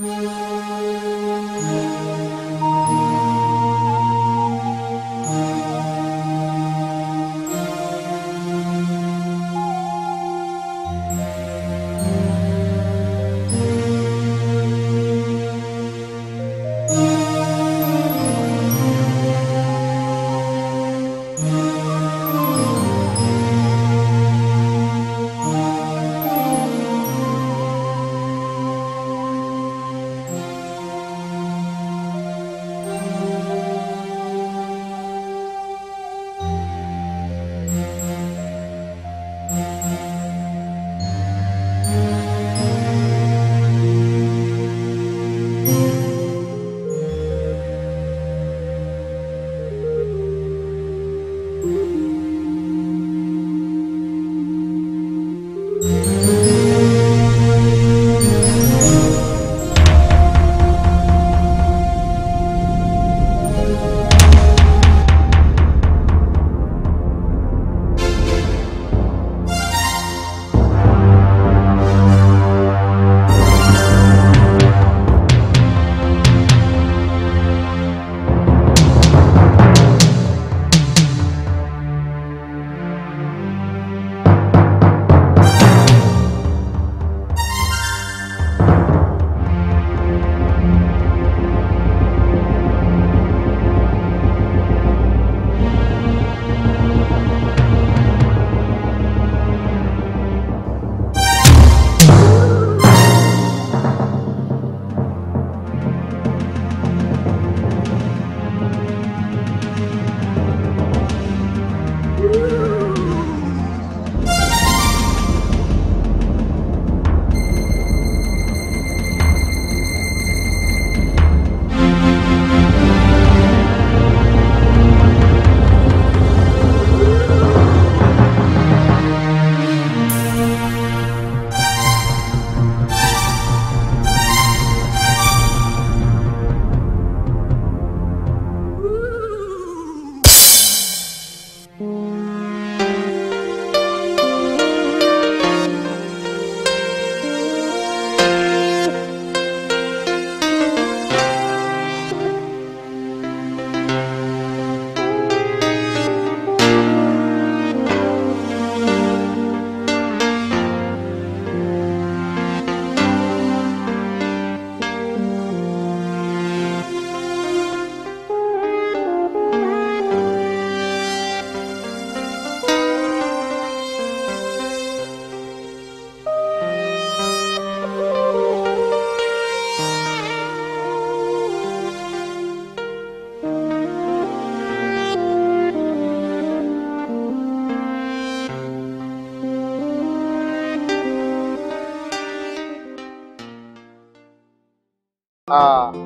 mm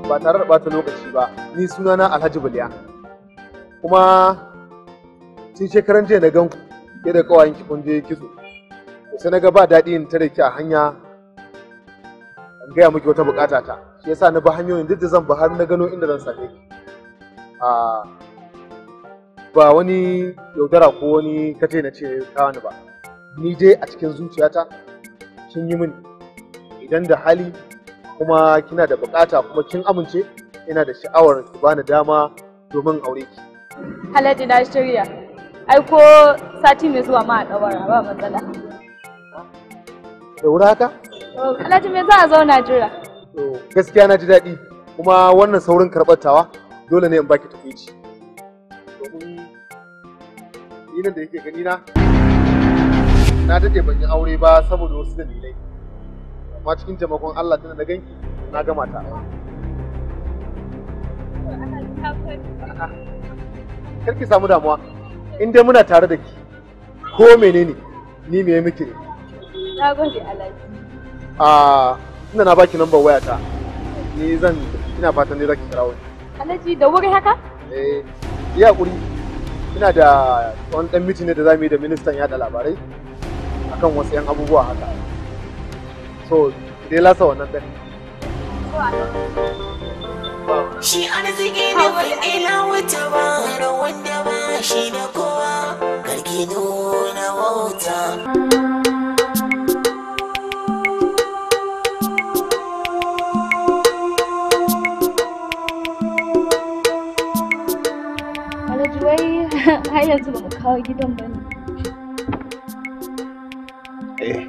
ba tare da ɓata lokaci ba ni sunana alhaji buliya kuma tun shekaran jiya na gan ku ke da kawayen ki kun je kitso sai na ga ba daɗi in tare ki a hanya in gaya miki wata bukata ta shi yasa na bi hanyoyin duk da zan ba har na gano inda zan same ki ba wani yaudara ko wani kate na ce kawani ba ni dai a cikin zuciyata kin yi mini idan da hali kuma kina da bukata kuma kin amince ina da sha'awar ki bani dama domin aure ki Halaji na shirya ai ko sati mai zuwa ma a ba matsala da wuri haka Halaji oh, me za a zauna jira gaskiya na ji daɗi kuma wannan saurin karɓar dole ne in baki tafici domin ni nan da yake gani na na ban yi aure ba saboda wasu dalilai kuma cikin taimakon Allah tana da ganki na gama ta kar ki samu damuwa in dai muna tare da ki ko menene ni me miki ne na gode alhaji ah, a ina na baki number waya ta ni zan ina fatan ne zaki kirawo alhaji da wuri haka eh ya kuri. ina da wani dan miti ne da zamu yi da ministan yada labarai akan wasu yan abubuwa haka so dai lasa wannan Shi arziki ne ila wata bara wanda ba shi da kowa karki nuna wauta. har yanzu ba mu kawo gidan ba ne. Eh,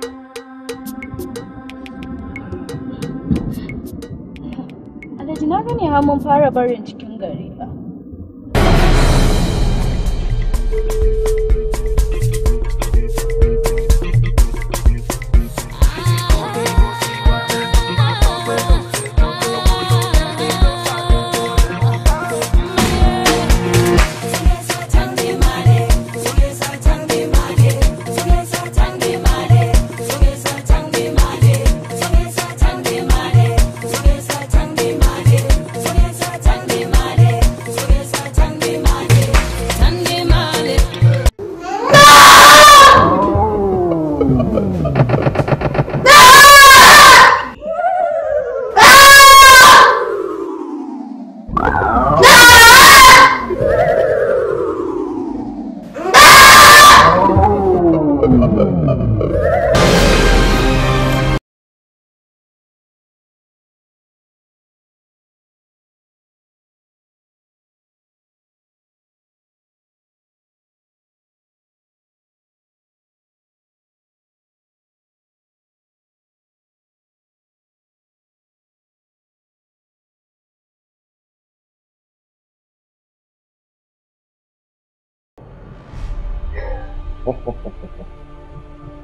na ji na gane har mun fara barin cikin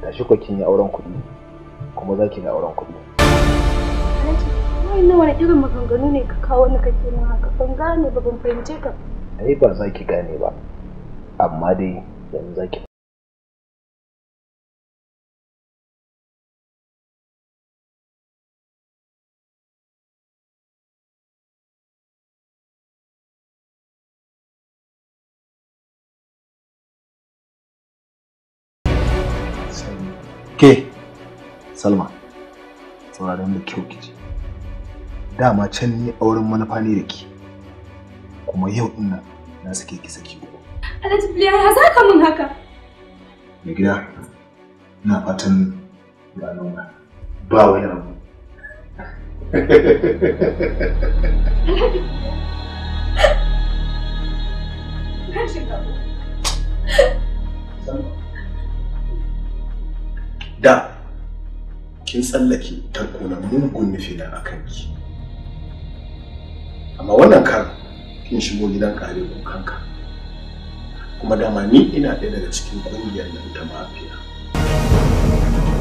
tashi ko kin yi auren kuɗi kuma za ki yi auren kuɗi wai na wani irin maganganu ne ka kawo ni kake mun haka ban gane ba ban fahimce ka ai ba za ki gane ba amma dai yanzu za ki Ke, Salma, sauraron da kyau kiji. Dama can ni auren manufa ne da ke, kuma yau ina na sake ki saki uku. Alhaji ya za ka min haka? Mai gida, ina fatan gano na ba wani abu. Thank you. da kin tsallake tarko mugun nufi a akan ki amma wannan kan kin shigo gidan kare kanka kuma dama ni ina ɗaya daga cikin ƙungiyar nan ta mafiya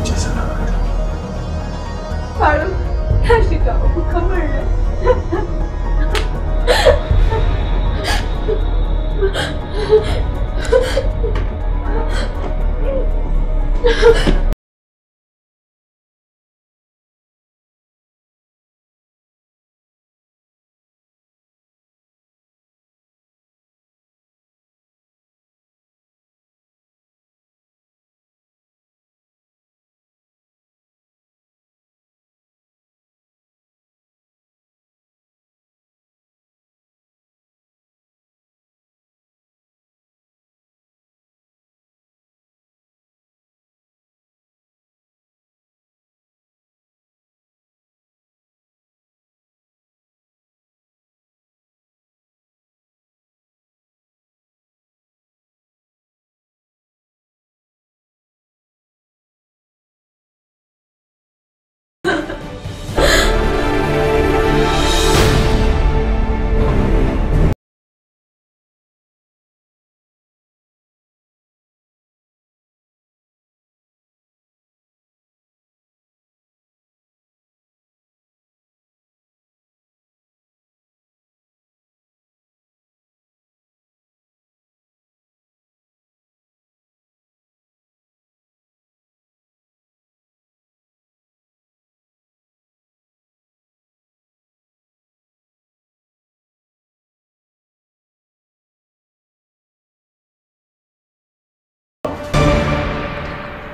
ce sana'ata faru ta shiga uku kamar Ha ha ha.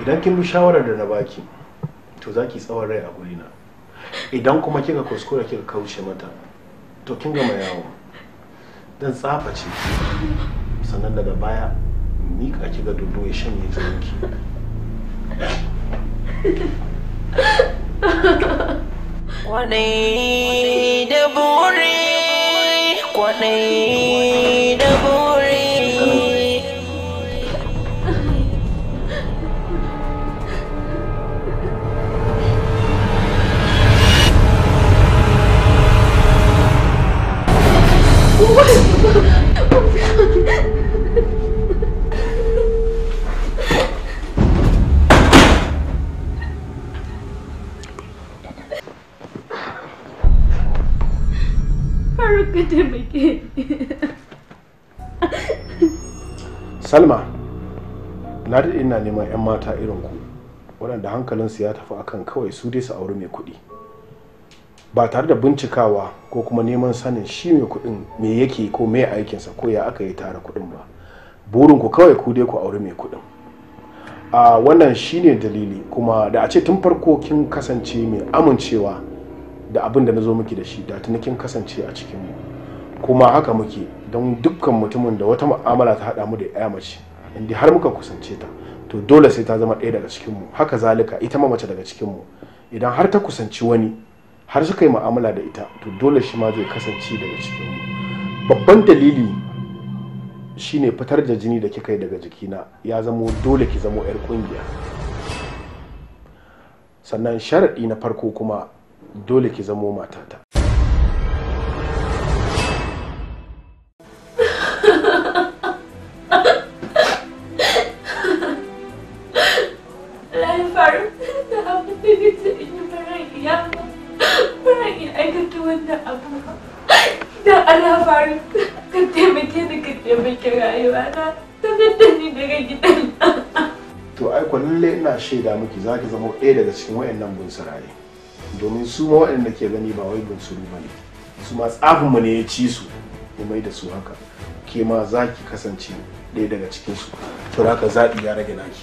idan kin bi shawarar da na baki to za ki tsawon rai a gurina idan kuma kika kuskura kika kauce mata to kin gama yawo dan tsaface sannan daga baya mika ki ga dodo ya shanye jininki kwanai da buri kwanai salma na daɗe ina neman 'yan mata irin ku waɗanda su ya tafi akan kawai su dai su auri mai kuɗi ba tare da bincikawa ko kuma neman sanin shi mai kuɗin me yake ko me aikinsa ko ya aka yi tara kuɗin ba burin ku kawai ku dai ku auri mai kuɗin a wannan shine dalili kuma da a ce tun farko kin kasance mai amincewa da abin da na zo miki da shi da tuni kin kasance a cikin mu kuma haka muke don dukkan mutumin da wata mu'amala ta haɗa mu da ya mace inda har muka kusance ta to dole sai ta zama ɗaya daga cikinmu haka zalika ita ma mace daga cikinmu idan har ta kusanci wani har suka yi mu'amala da ita to dole shi ma zai kasance daga cikinmu babban dalili shine fitar da jini da kika yi daga jikina ya zamo dole ki zamo 'yar kungiya sannan sharaɗi na farko kuma dole ki zamo matata. shaida miki zaki ki zama ɗaya daga cikin wayannan bunsuraye domin su ma waɗanda ke gani ba wai bunsuru ba ne su ma tsafinmu ne ya ci su ya mai da su haka ke ma za ki kasance ɗaya daga su to haka zaɓi ya rage naki.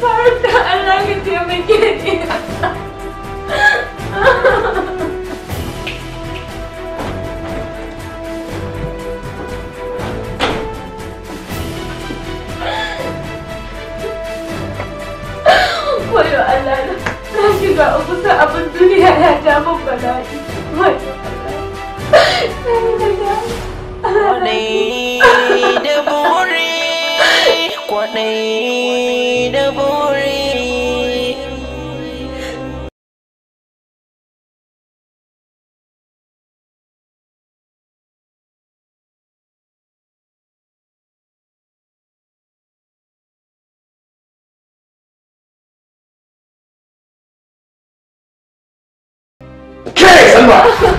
Faruk Allah ka taimake ni. da abin duniya ya ja min bala'i Kwadai da buri, kwadai 这什么？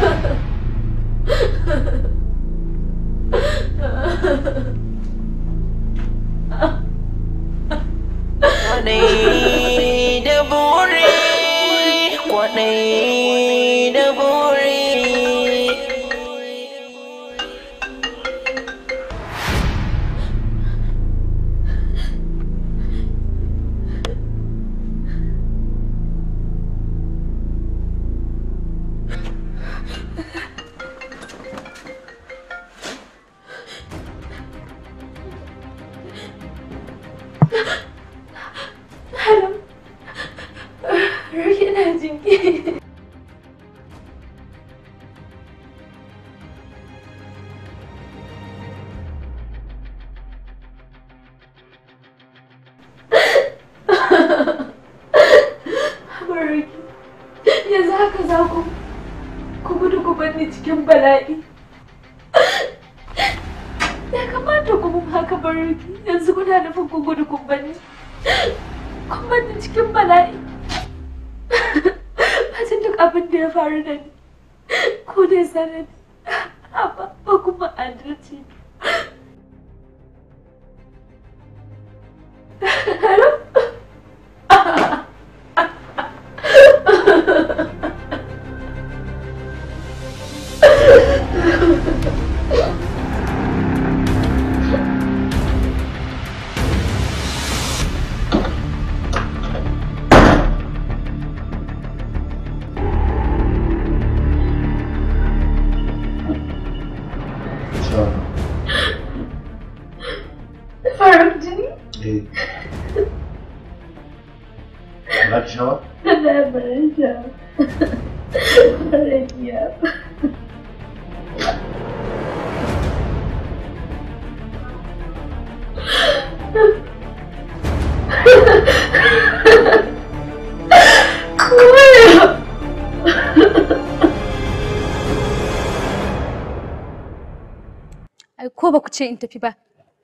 ce in tafi ba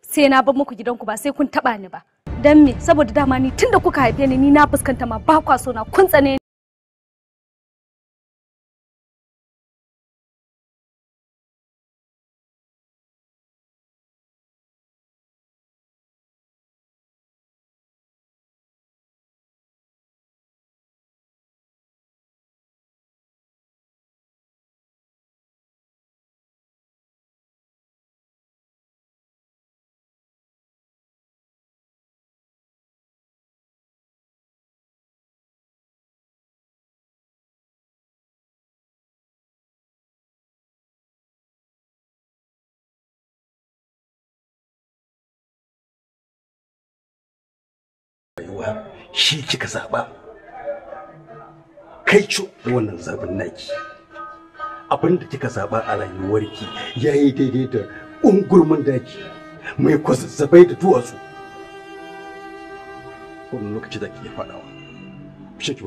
sai na bar muku gidanku ba sai kun taba ni ba dan me saboda dama ni tunda kuka haife ni ni na fuskanta ma ba kwa so na kun tsane shi kika zaɓa kai cu wannan zaɓin naki abin da kika zaɓa a rayuwarki ya yi daidai da ungurmin daki mai kwazazzabai da duwatsu wani lokaci da ke faɗawa shi ki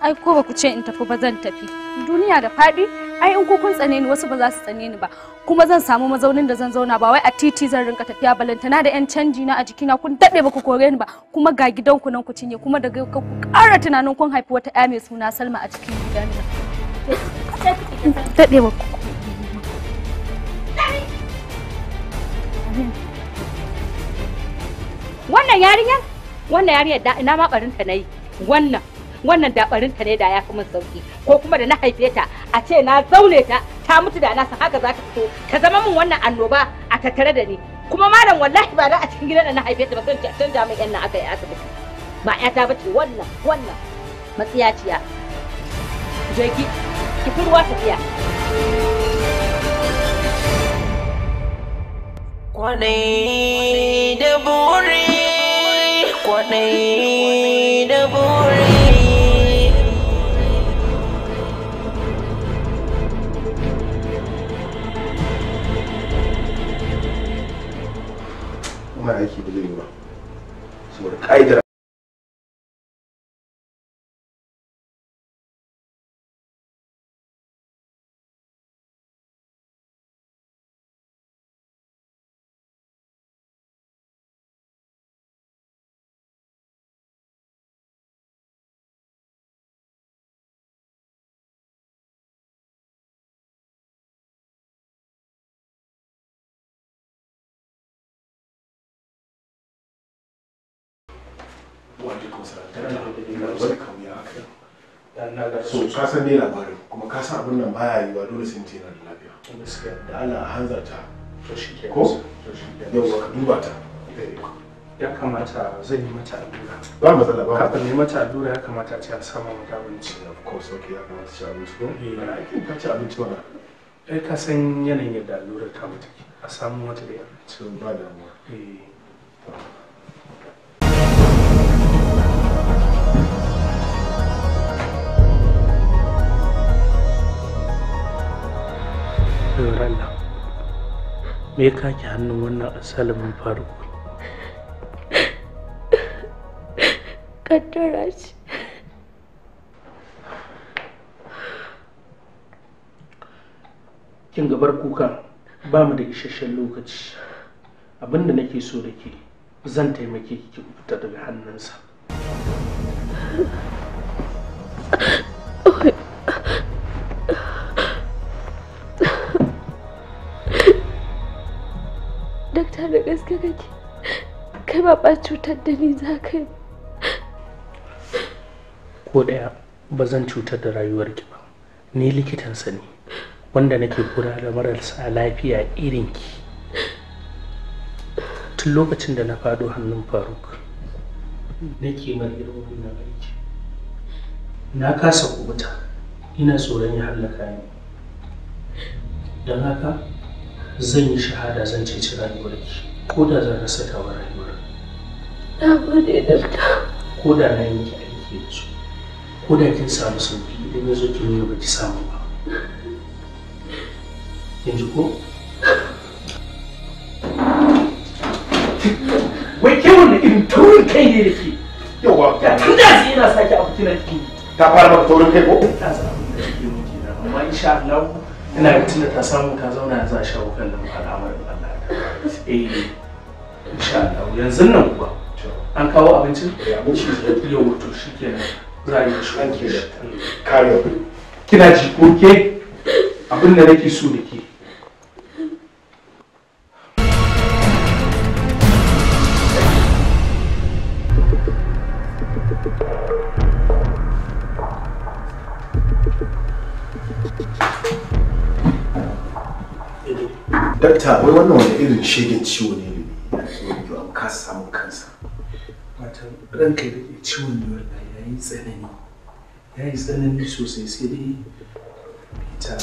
ai ko ba ku ce in tafi ba zan tafi duniya da faɗi ai in ko kun tsane ni wasu ba za su tsane ni ba kuma zan samu mazaunin da zan zauna ba wai a titi zan rinka tafiya balantana da yan canji na a jikina kun dade ba ku kore ni ba kuma ga gidanku nan ku cinye kuma daga ku ƙara tunanin kun haifi wata ƴa mai suna Salma a cikin gidan nan dade ba ku wannan yarinyar wannan yarinyar da ina ma barinta nayi wannan wannan dabarin ta ne da ya fi min sauki ko kuma da na haife ta a ce na zaune ta ta mutu da nasa haka za ta fito ta zama min wannan annoba a tattare da ni kuma malam wallahi ba da a cikin gidan da na haife ta ba san can da mai yanna aka yi asibiti ba ya ta bace wannan wannan matsiyaciya je ki ki furwa tafiya kwanai da buri kwanai ahí don't ina ga so ka san dai labarin kuma ka san abin nan baya yiwa dole sun mutum yana da lafiya gaskiya da Allah hanzarta to shi ke ko yauwa ka duba ta eh, ya kamata zai yi mata allura ba matsala ba kafin yi mata allura ya kamata ce a sama mata abinci of course okay ya kamata ci abinci ko eh aikin ka ci abinci wannan ai eh, ka san yanayin yadda allurar ta mutu a samu mata da abinci ba damuwa eh yawar Allah me ya kake hannun wannan asalin faruk kaddara kin gabar kuka ba mu da isasshen lokaci abinda nake so da ke zan taimake ki fita daga hannunsa ta da gaske kake kai ba ba cutar da ni za ka yi ko ɗaya ba zan cutar da rayuwarki ba ni likitan sa ne wanda nake kula da marasa lafiya irin ki. tun lokacin da na fado hannun faruk nake mar irin wannan aiki na kasa kubuta ina tsoron ya hallaka ni don haka zan yi shahada zan ceci ki ko da zan rasa tawa rayuwar na gode dokta ko da na yi aiki da su ko da kin samu sauki idan ya zo kin yi ba ki samu ba kin ji ko wai ke wanda irin taurin kai ne da ke yawa ga tun da yana sake a fitina ki ta fara maka taurin kai ko ta samu da ke amma insha Allah ina ga tunda ta samu ta zauna za a shawo kan al'amarin Allah eh insha Allah yanzu nan kuwa an kawo abincin ya eh, mutu shi kenan za a yi shi mm. kare kina ji ko ke abin da nake so da dakta wai wannan wani irin shegen ciwo ne ne yau an kasa samun kansa matan ranka da ke ciwon ne wannan ya yi tsanani ya yi tsanani sosai sai dai ta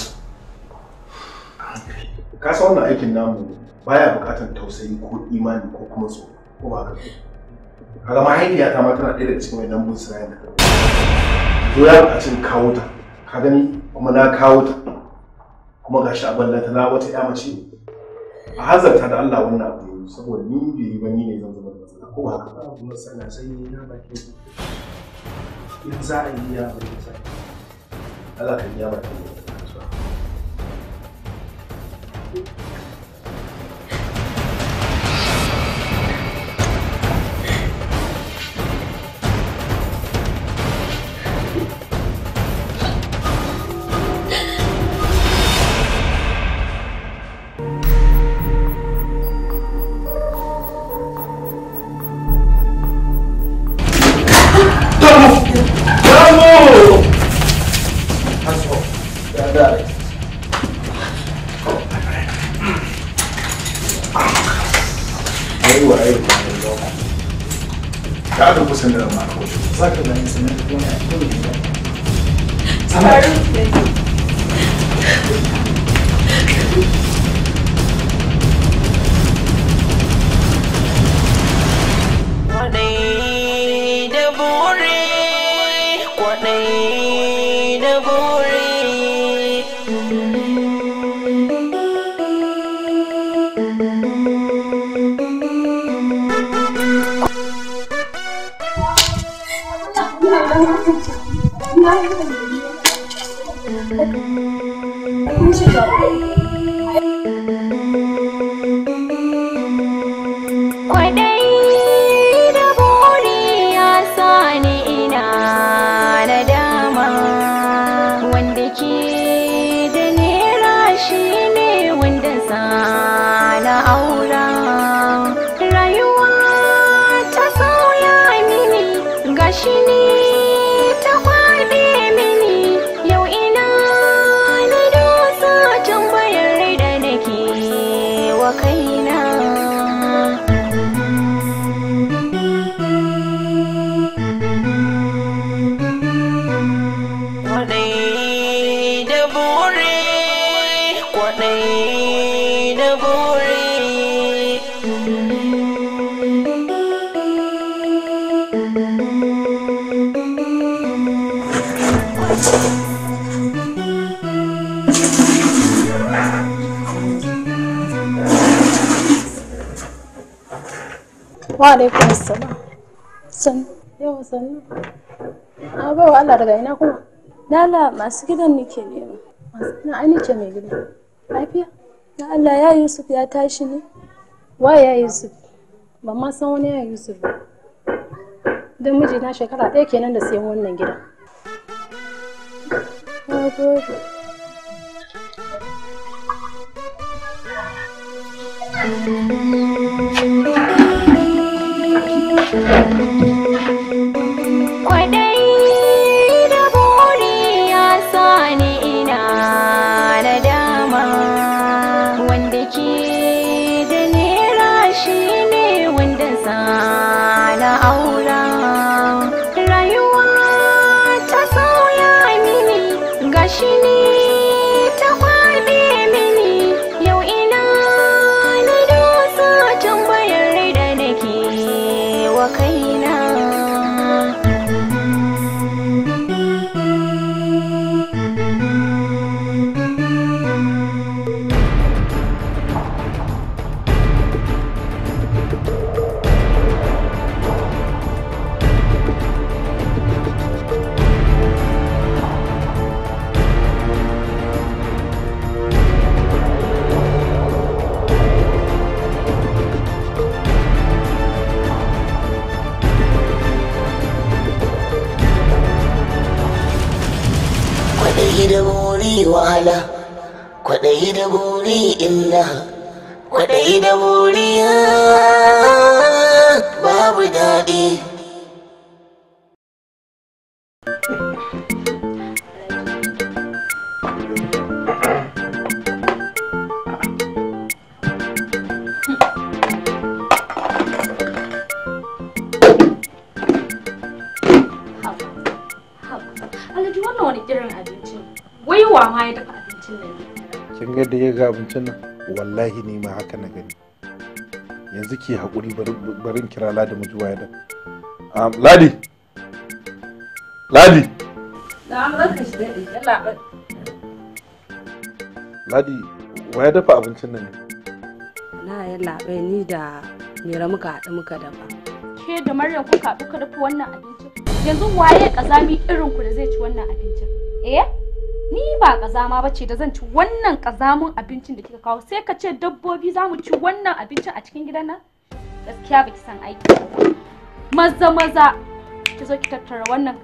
hankali ka san wannan aikin namu baya buƙatar tausayi ko imani ko kuma so ko ba ka kaga mahaifiya ta ma tana ɗaya daga cikin wannan mun sanayin da to ya buƙaci kawo ta ka gani kuma na kawo ta kuma gashi a ballata na wata ya mace a hazarta da Allah wannan abu saboda ni bai yi bani ne zan zama da matsala ko ba haka ba abu matsala sai ni na baki in za a yi ya bai sai Allah ka yi ya baki ne alaikum ah, ina kuma? ya Yusuf ya tashi ne? Wa ya Yusuf? Ban san wani ya Yusuf ba. Don mijina shekara ɗaya kenan da siyan wannan gidan. Thank you. Thank you. baki da buriya babu daɗi irin abinci? Wai wa ma ya dafa abincin nan? Kin ga da ya ga abincin nan? wallahi ni ma haka na gani yanzu ke haƙuri barin kira ladi mu zuwa yadda ladi ladi ladi wa ya dafa abincin nan na ya labe ni da mera muka haɗu muka dafa ke da maryam kuka haɗu ka dafa wannan abincin yanzu waye ƙazami irin ku da zai ci wannan abincin eh ni ba kazama ba ce da zan ci wannan kazamun abincin da kika kawo sai ka ce dabbobi za mu ci wannan abincin a cikin gidan nan gaskiya baki san aiki maza maza ki zo ki tattara wannan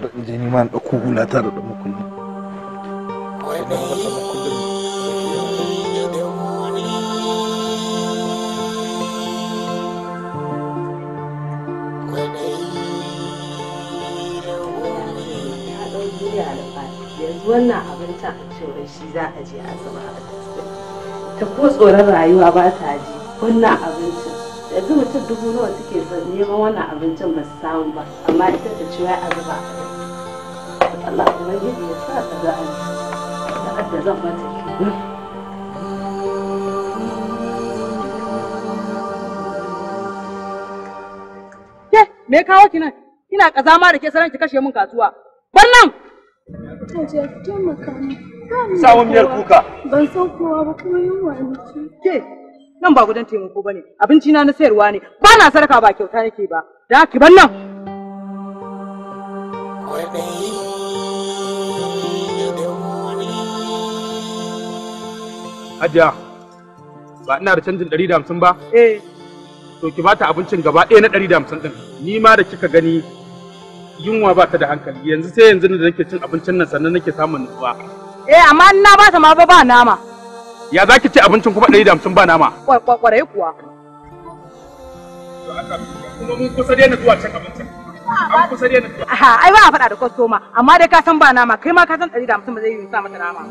bari in ta wannan abincin a cewar shi za a je a zama ta ko tsoron rayuwa ba ta ji wannan abincin yanzu mutum dubu nawa suke neman wannan abincin ba su samu ba amma ita ta ce wai a zuba Allah kuma yi ya sa ka ga an da da zan mata ke me kawo ki nan kina kazama da ke sanar ki kashe min kasuwa bar nan Hajiya ki taimaka min. Samun kuka. Ban san kowa ba kuma yin wani ke. Ke nan ba gudan taimako bane abinci na na sayarwa ne ba na sarka ba kyauta nake ba da ki ban nan Hajiya, ba ina da canjin ɗari da hamsin ba? Eh. To ki bata abincin gaba ɗaya na ɗari da hamsin ɗin. Ni ma da kika gani yunwa ba ta da hankali yanzu sai yanzu da nake cin abincin nan sannan nake samun nutsuwa. Eh amma in na bata ma ba ba nama. ya za ki ci abincin kuma ɗari da hamsin ba nama kwarai kuwa kuma mun kusa daina zuwa cin abincin ai ba a faɗa da kwastoma amma dai ka san ba nama kai ma ka san ɗari da hamsin ba zai yi sa mata nama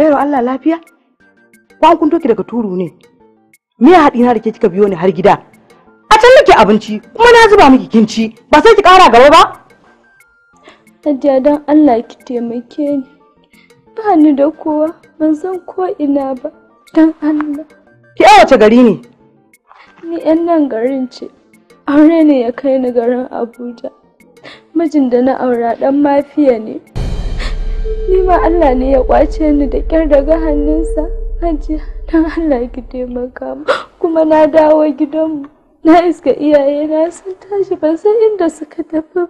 baiwa Allah lafiya ko an kunto ki daga turu ne me ya haɗina da ke kika biyo ni har gida a can nake abinci kuma na zuba miki kinci ba sai ki ƙara gaba ba Hajiya don Allah ki taimake ni ba ni da kowa ban san ko ina ba don Allah ki a wace gari ne ni yan nan garin ce aure ne ya kai ni garin Abuja mijin da na aura dan mafiya ne ni ma Allah ne ya kwace ni da kyar daga hannunsa hajiya don Allah ki taimaka mu kuma na dawo gidanmu na iska iyaye na sun tashi ban san inda suka tafi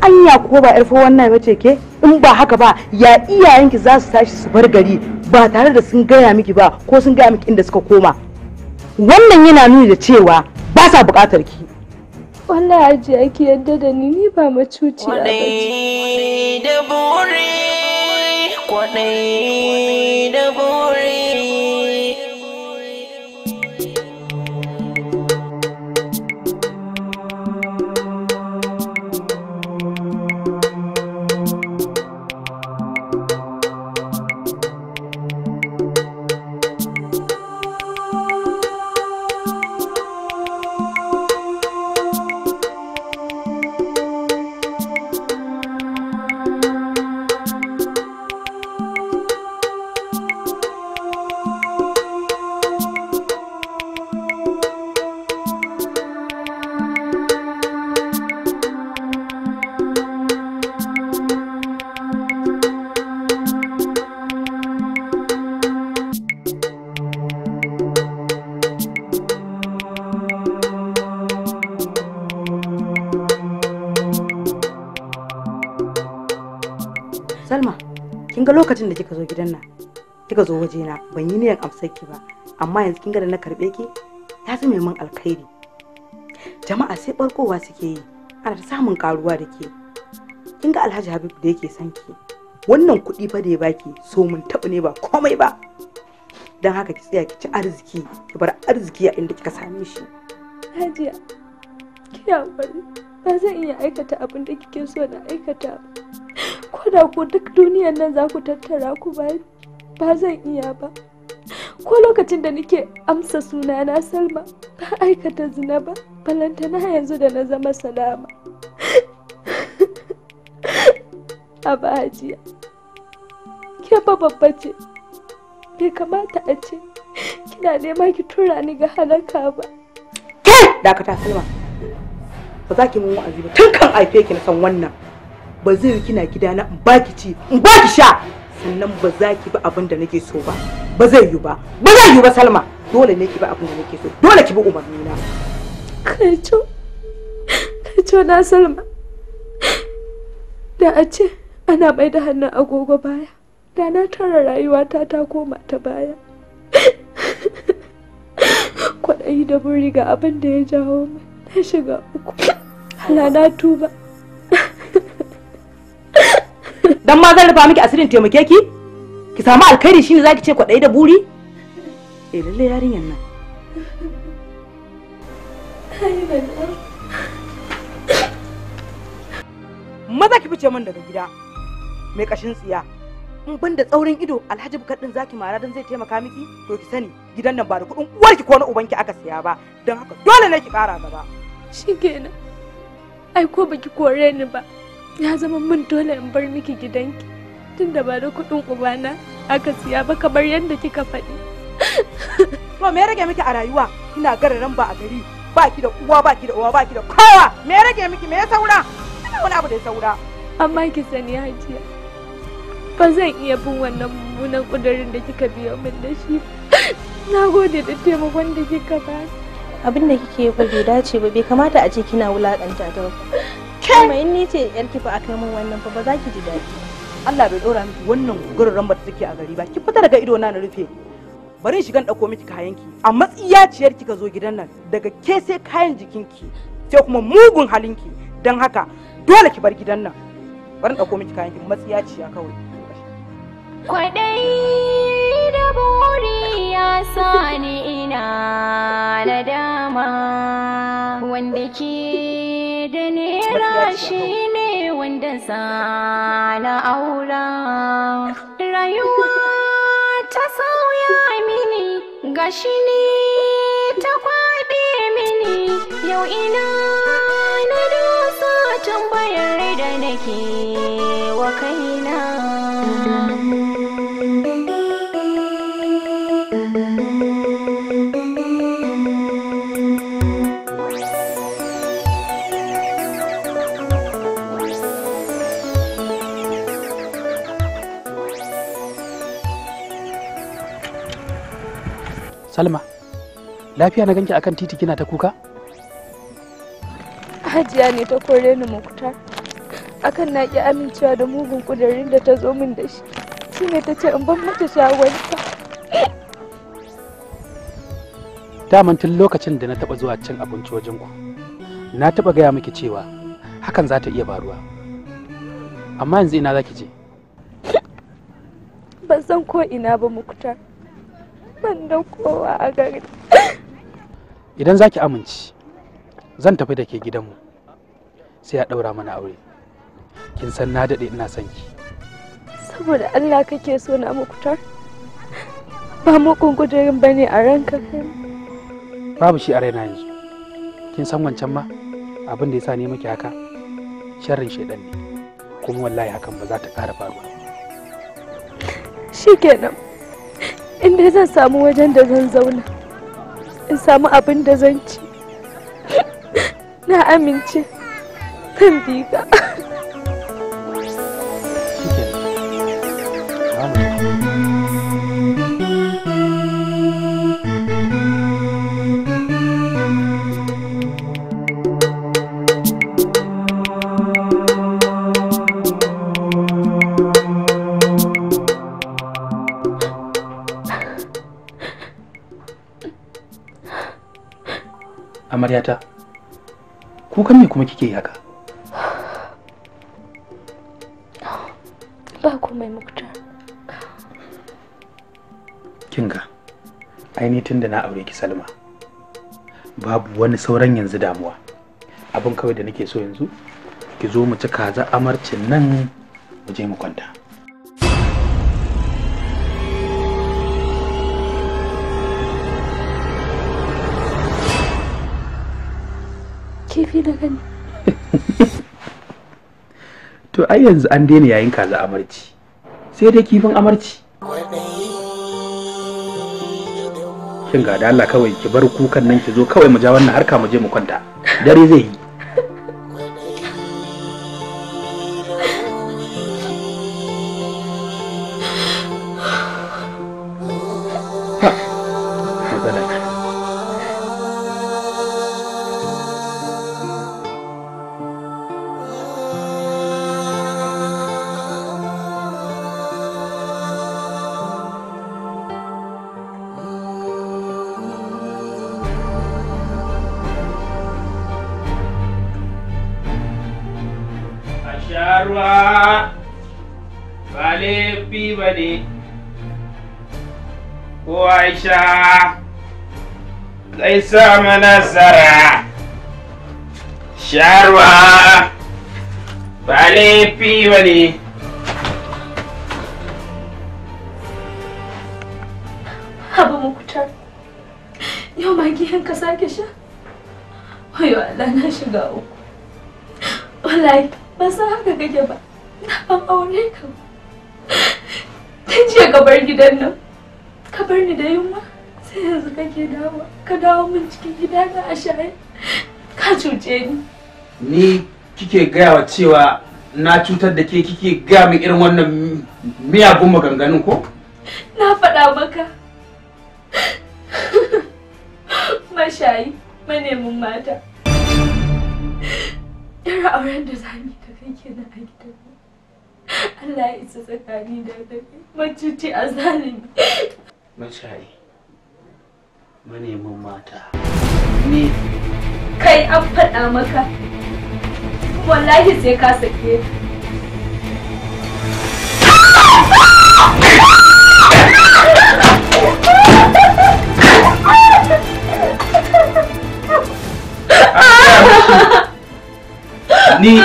anya ko ba yarfa wannan bace ke in ba haka ba ya iyayenki za su tashi su bar gari ba tare da sun gaya miki ba ko sun gaya miki inda suka koma wannan yana nuni da cewa ba sa buƙatar ki Wannan aji ake yadda da ni ni ba macuci a Kwaɗai da buri kwaɗai da buri gidan nan kika zo waje na ban yi niyan amsar ki ba amma yanzu kin ga da na karbe ki ya zama min alkhairi jama'a sai barkowa suke yi ana ta samun karuwa da ke kin ga Alhaji Habib da yake san ki wannan kuɗi fa da ya baki so mun taɓa ne ba komai ba don haka ki tsaya ki ci arziki ki bar arziki a inda kika same shi Hajiya kina bari ba zan iya aikata abin da kike so na aikata ba ko da ko duk duniyan nan za ku tattara ku ba ba zan iya ba ko lokacin da nake amsa suna na salma ba aikata zina ba na yanzu da na zama salama a bajiya ke ba babba ce bai kamata a ce kina nema ki tura ni ga halaka ba dakata salma ba za ki mun wa'azi ba tun kan aife ki na san wannan ba zai yi kina gidana ba ki ci in ki sha sannan ba za ki bi abin da nake so ba ba zai yi ba ba zai yi ba salma dole ne ki bi abin da nake so dole ki bi umarni na kaco kaco na salma da a ce ana mai da hannun agogo baya da na tara rayuwata ta koma ta baya kwaɗayi da buri ga abin da ya jawo mai na shiga uku hala na tuba dan ma zan rufa miki asirin taimake ki ki samu alkhairi shine zaki ce kwaɗayi da buri eh lalle yarinyar nan maza ki fice min daga gida mai kashin tsiya in ban da tsaurin ido alhaji din zaki mara dan zai taimaka miki to ki sani gidan nan ba da kuɗin uwarki ko na ubanki aka siya ba don haka dole ne ki ƙara gaba shikenan ai ko baki kore ni ba ya zama min dole in bar miki gidanki tunda ba da kuɗin ubana aka siya ba kamar yadda kika faɗi. To me rage miki a rayuwa kina gararan ba a gari ba ki da uwa ba ki da uwa ba ki da kowa me rage miki me ya saura ina wani abu da ya saura. Amma ki sani hajiya ba zan iya bin wannan mummunan kudirin da kika biyo min da shi na gode da taimakon da kika ba. Abin da kike yi ba bai dace ba bai kamata a ce kina wulakanta ta ba. Kuma in ni ce yar kifa aka min wannan fa ba za ki ji daɗi. Allah bai dora miki wannan gururran ba take a gari ba. Ki fita daga ido na na rufe. Bari in shiga dauko miki kayanki. A matsiyaciyar ka zo gidan nan daga ke sai kayan ki Sai kuma mugun halinki. Dan haka dole ki bar gidan nan. Bari dauko miki kayanki matsiyaciya kawai. Kwaɗayi da buri ya sani ina nadama wanda ke da nera shi ne wanda zana aura rayuwa ta sauya mini gashi ne ta kwabe mini yau ina na dosa tambayar da nake wa kaina lafiya na ganki akan titi kina ta kuka hajiya ne ta kore ni mukuta akan na ki amincewa da mugun kudirin da ta zo min da shi shine ta ce in ban mata shawarta daman tun lokacin da na taba zuwa cin abinci wajen ku na taba gaya miki cewa hakan za ta iya faruwa amma yanzu ina za ki je ban san ko ina ba mukuta ban da kowa a garin idan za ki amince zan tafi da ke gidanmu sai a ɗaura mana aure kin san na daɗe ina son ki saboda allah kake so na mukutar ba mu gudurin ba ne a ranka babu shi a raina yanzu kin san wancan ma abin da ya sa ne maki haka sharrin shaidan ne kuma wallahi hakan ba za ta ƙara faruwa Shi shikenan inda zan samu wajen da zan zauna in samu abin da zan ci na amince kan bi ka amaryata kukan me kuma kike yi haka ba komai mukta kinga aini tun da na aure ki salma babu wani sauran yanzu damuwa abun kawai da nake so yanzu ki zo mu ci kaza amarcin nan mu je mu kwanta laifi da gani to ai yanzu an daina yayin kaza amarci sai dai kifin amarci kin ga da Allah kawai ki bar kukan nan ki zo kawai mu ja wannan harka mu je mu kwanta dare zai yi isa mana nasara sharwa ba laifi ba ne haba mukutar yau magiyan ka sake sha wayo Allah na shiga uku wallahi ba san haka kake ba na aure ka ba tun jiya ka bar gidan nan ka bar ni da yunwa sai yanzu kake dawo ka dawo min cikin gida na a shaye ka cuce ni ni kike gaya wa cewa na cutar da ke kike gaya min irin wannan miyagun maganganun ko na faɗa maka mashayi manemin mata irin auren da za mu ta kai kenan a gidan Allah ya isa tsakani da kai ce a zalimi mashayi manemin mata ne. kai an faɗa maka wallahi sai ka sake ni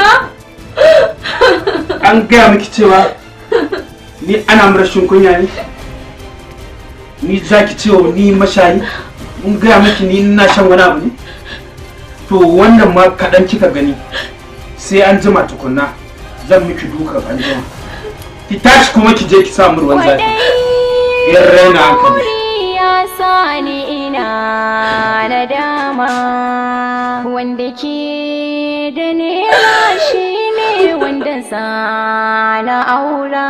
an gaya miki cewa ni ana rashin kunya ne ni za ki cewa ni mashayi in gaya miki ni ina shan wani abu ne to wannan ma kaɗan kika gani sai an jima tukunna zan miki duka an jima ki tashi kuma ki je ki sa mu ruwan zafi Yar raina ne ya sani ina na dama wanda ke da nema shi ne wanda sa na aura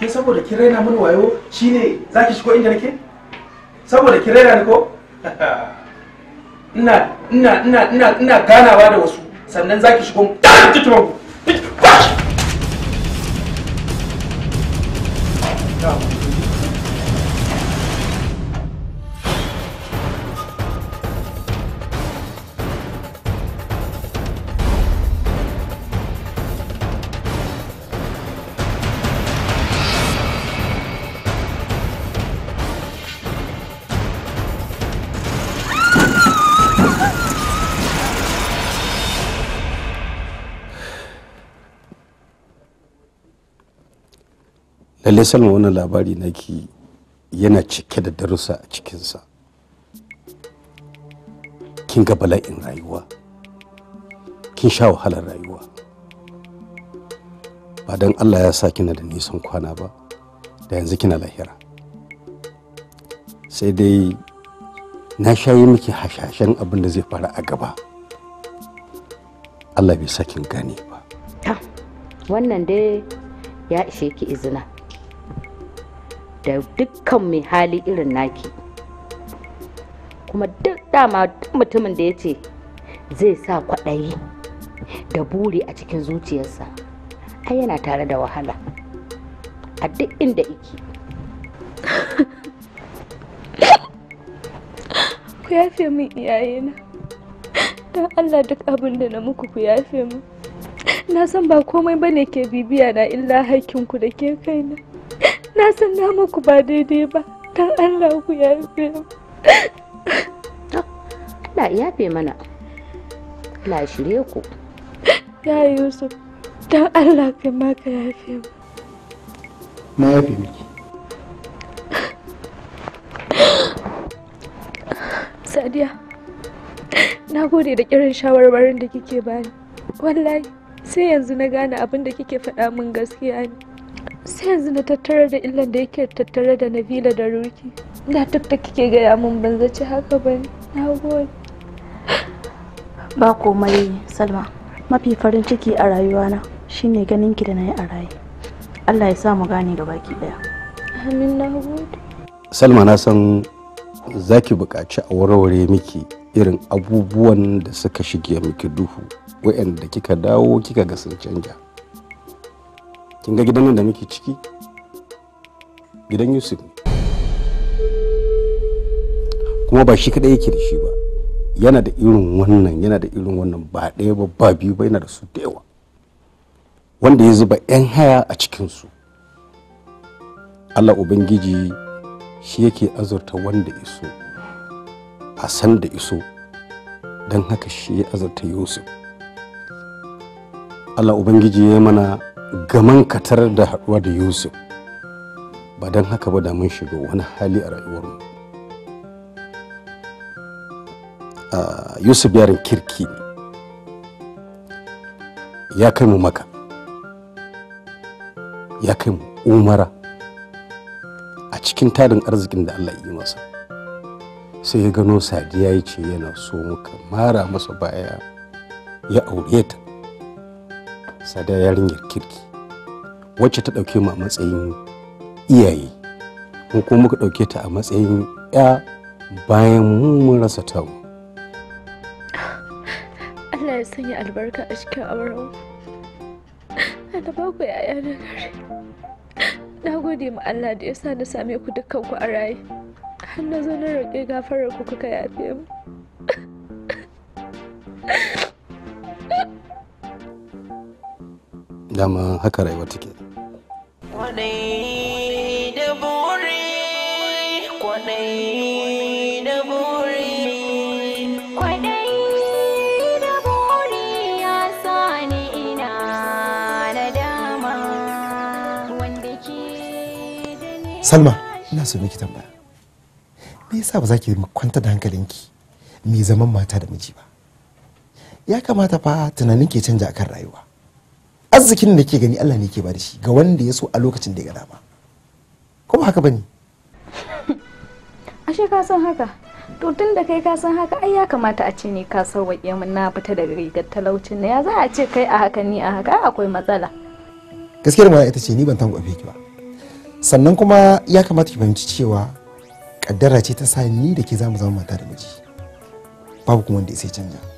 ke saboda kin raina mini wayo shine zaki shigo inda nake saboda kin raina ni ko ina ina ina ina ganawa da wasu sannan zaki shigo ta tutuwa lalle salma wannan labari naki yana cike da darussa a cikinsa kin ga bala'in rayuwa kin sha wahalar rayuwa ba don allah ya sa na da nisan kwana ba da yanzu kina lahira sai dai na shayi miki hashashen abin da zai fara a gaba allah bai sakin gane ba wannan dai ya ishe ki izina da dukkan mai hali irin naki kuma duk dama duk mutumin da ya ce zai sa kwaɗayi da buri a cikin zuciyarsa ai yana tare da wahala a duk inda iki ku yafe min iyayena don allah duk abin da na muku ku yafe min na san ba komai bane ke bibiya na illa hakkinku da ke kaina na san na muku ba daidai ba don Allah ku yafe mu Allah yafe mana Allah shirye ku ya Yusuf don Allah kai ma ka yafe mu na yafe miki Sadiya na gode da kirin shawarwarin da kike bani wallahi sai yanzu na gane abin da kike faɗa min gaskiya ne sai yanzu na tattara da illan da yake tattare da nabila da roki na duk da kike gaya mun ban zaci haka ba ne na gode ba komai salma mafi farin ciki a rayuwana shine ganin ki da na yi a raye allah ya sa mu gane gaba ki daya amin na gode salma na san za ki buƙaci a warware miki irin abubuwan da suka shige miki duhu wa'anda kika dawo kika ga sun canja kin ga gidan nan da muke ciki gidan yusuf kuma ba shi kadai yake da shi ba yana da irin wannan yana da irin wannan ba ɗaya ba ba biyu ba yana da su da yawa wanda ya zuba 'yan haya a cikinsu allah ubangiji shi yake azurta wanda iso a san da iso don haka shi ya azurta yusuf allah ubangiji ya mana gaman katar da haɗuwa da yusuf ba don haka ba da mun shiga wani hali a rayuwarmu ah, yusuf yarin kirki ya kai mu maka ya kai mu umara a cikin tarin arzikin da allah yi masa sai ya gano sadiya ya ce yana so muka mara masa baya ya aure ta sada yarinyar kirki wacce ta ɗauke mu a matsayin iyaye ko kuma muka ɗauke ta a matsayin ya bayan mun rasa tawo Allah ya sanya albarka a cikin auren Allah ba ku yaya na gari na gode ma Allah da ya sa na same ku dukkan ku a raye har na zo na roƙe gafarar ku kuka yafe mu dama haka rayuwa take Salma, ina so miki tambaya. Me yasa ba za ki kwanta da hankalinki mai zaman mata da miji ba? Ya kamata fa tunanin ke canja akan rayuwa. arzikin da ke gani Allah ne ke ba da shi ga wanda ya so a lokacin da ya gada ba kuma haka bane ashe ka san haka to tun da kai ka san haka ai ya kamata a ce ne ka sauwaƙe min na fita daga rigar talaucin na ya za a ce kai a haka ni a haka akwai matsala gaskiyar ma ita ce ni ban tango ki ba sannan kuma ya kamata ki fahimci cewa kaddara ce ta sa ni da ke zamu zama mata da miji babu kuma wanda ya sai canja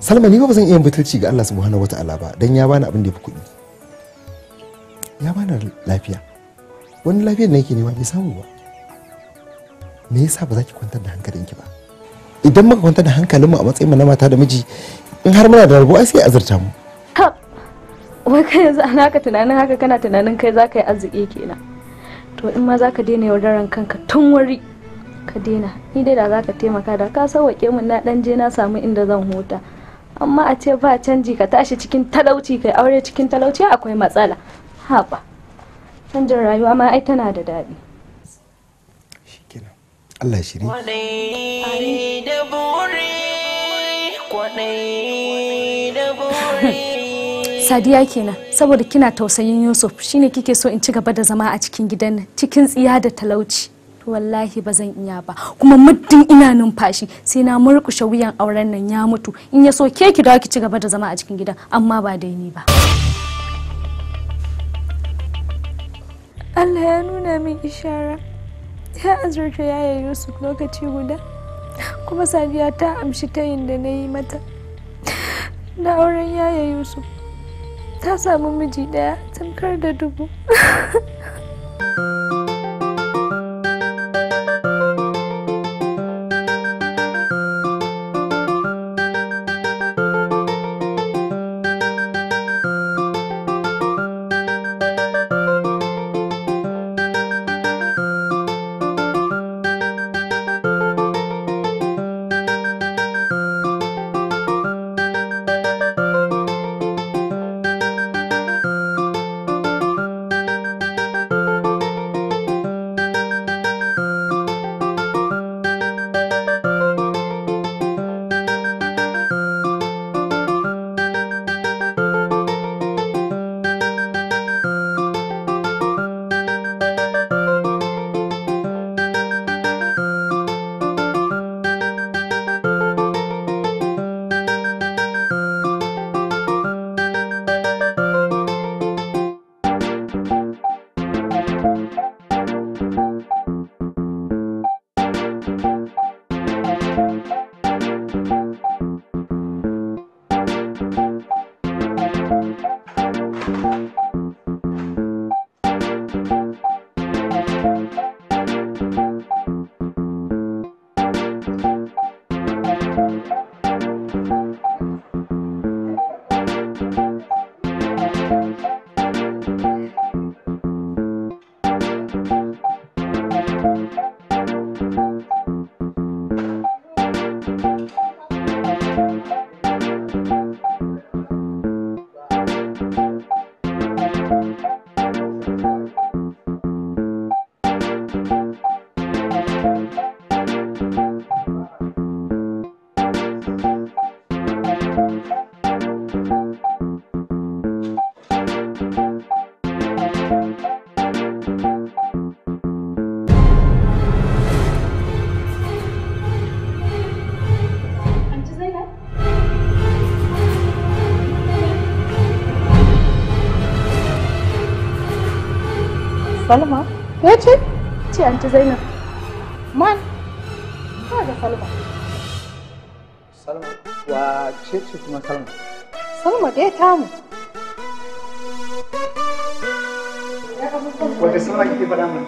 salma ni ba zan iya butulci ga Allah subhanahu wata'ala ba dan ya bani abin da ya fi kuɗi ya bani lafiya wani lafiyar da yake nema bai samu ba me yasa ba za ki kwantar da hankalinki ba idan muka kwantar da hankalinmu a matsayin na mata da miji in har muna da rabo ai sai a azurta mu wai kai yanzu ana ka tunanin haka kana tunanin kai za ka yi arziki kenan to in ma za ka daina yaudaran kanka tun wuri ka daina ni dai da za ka taimaka da ka sauwaƙe min na dan je na samu inda zan huta amma a ce ba canji ka tashi cikin talauci kai aure cikin talauci akwai matsala haba canjin rayuwa ma ai tana da daɗi Allah shiri sadiya kenan saboda kina tausayin yusuf shine kike so in ci gaba da zama a cikin gidan cikin tsiya da talauci to wallahi ba zan iya ba kuma muddin ina numfashi sai na murkushe wuyan auren nan ya mutu in ya so ke ki dawo ki ci gaba da zama a cikin gidan amma ba dai ni ba Allah ya nuna min ishara ya azurta yaya Yusuf lokaci guda kuma Safiya ta amshi tayin da na yi mata na auren yaya Yusuf ta samu miji daya tamkar da dubu Salma? Ya ce? Ce anti Zainab. Man, ba da Salma. Salma, wa ce ce kuma Salma? Salma dai tamu. Wata Salma kike faɗa mana?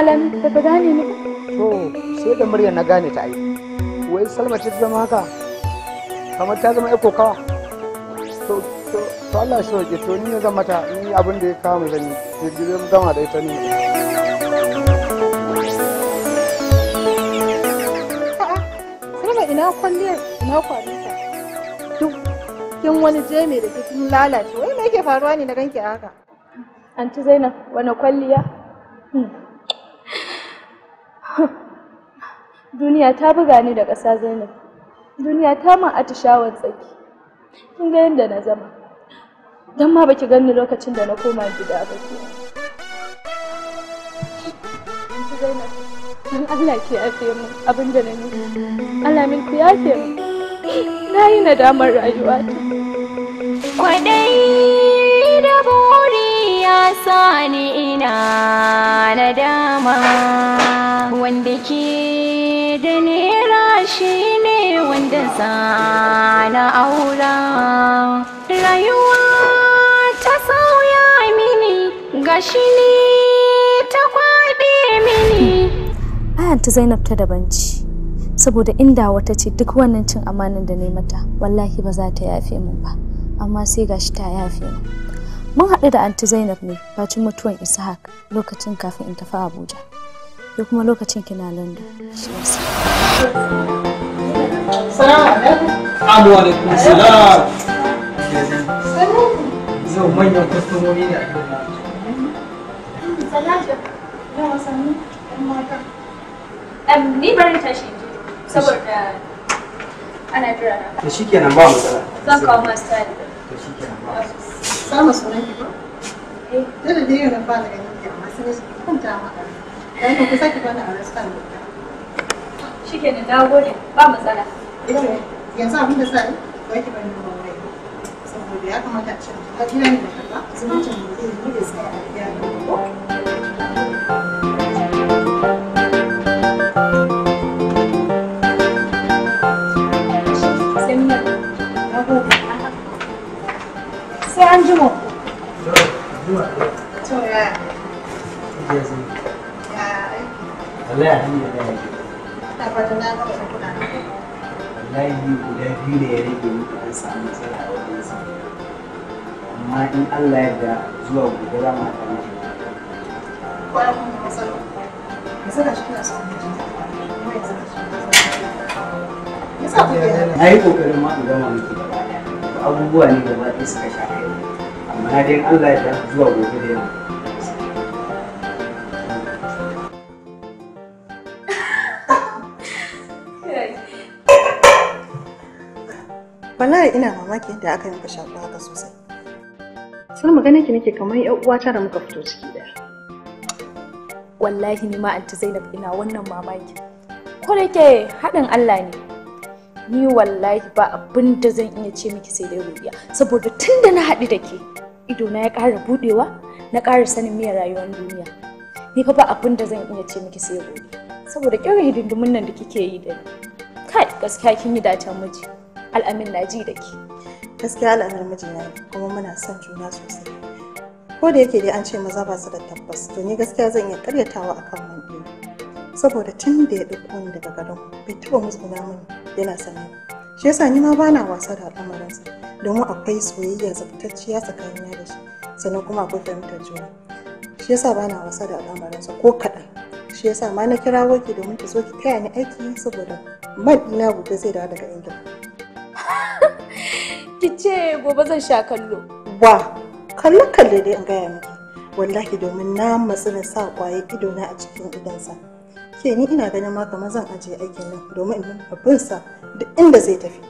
Alam, da ka gane ni ba? To, sai da murya na gane ta ai. Wai Salma ce ta zama haka? Kamar ta zama eko kokawa. To, to, to Allah shi waje, to ni ne zan mata, ni abin da ya kama zan yi jirgin gama da ita ne ina kwalliyar ina kwalisa duk kin wani jeme da kin lalace wai me yake faruwa ne na ganki haka anti zainab wani kwalliya hmm. duniya ta buga ni da ƙasa zainab duniya ta man atishawar tsaki kin ga yadda na zama don ma baki ganin lokacin da na koma gida ba ke don Allah ki yafe mu abin da na nufi Allah min ku yafe mu na yi nadamar rayuwa ta kwadai da buri ya sa ni ina nadama wanda ke da nera shi ne wanda za na aura gashi ne ta kwaɓe mini. a ta Zainab ta daban ci saboda inda wata ce duk wannan cin amanin da ne mata, wallahi ba za ta yafe min ba, amma sai gashi ta yafe mu Mun haɗu da Anti Zainab ne bacin mutuwan Ishaq lokacin kafin in tafi Abuja. Ko kuma lokacin kina London. Salamu alaikum. alaikum manyan ne a Salatu, na wasanni ni bari saboda ana shi kenan ba matsala. Zan kawo masu tari. da shi kenan ba. Sama sunan ki ba? Eh. Dole da yau ba na ganin ki amma sai na kwanta na ba matsala. Eh, yanzu da bani ya kamata a ce da zai yi da an ji mu. To ya. Ya Tabbata na ga wasu kuɗaɗen. Wallahi biyu da ya rage muku an samu matsala a wajen sa. Amma in Allah ya yarda zuwa gobe za mu haɗa miki. Kwanan kuma yi ƙoƙarin ma in gama miki gaba Abubuwa ne gaba ɗaya suka shafe ni. amma dai Allah ya zuwa gobe da yamma wallahi ina mamaki yadda aka yi maka shaku haka sosai sai magana ki nake kamar ƴan uwata da muka fito ciki daya wallahi ni ma anti Zainab ina wannan mamaki ko da ke haɗin Allah ne ni wallahi ba abin da zan iya ce miki sai dai godiya saboda tunda na haɗu da ke ido ya ƙara budewa na ƙara sanin miyar rayuwar duniya ni fa ba abin da zan iya ce miki sai gobe saboda kyau hidindimin nan da kike yi da ni kai gaskiya kin yi dacen miji al'amin na ji da ki gaskiya al'amin miji na kuma muna son juna sosai ko da yake dai an ce maza ba su da tabbas to ni gaskiya zan iya karyatawa akan wani biyu saboda tun da ya ɗauko ni daga garin bai taɓa musguna mini yana sanin shi yasa ni ma bana wasa da al'amuransa domin akwai soyayya tsakanin tsakanina da shi sannan kuma akwai fahimtar juna shi yasa bana wasa da al'amuransa ko kaɗan shi yasa ma na kira waki domin ki zo ki taya ni aiki saboda man ina gobe zai dawo daga inda ki ce gobe zan sha kallo wa kallo kalle dai in gaya miki wallahi domin na matsi na sa kwaye idona a cikin idansa ke ni ina ganin ma kamar zan ajiye aikin nan domin in abin sa duk inda zai tafi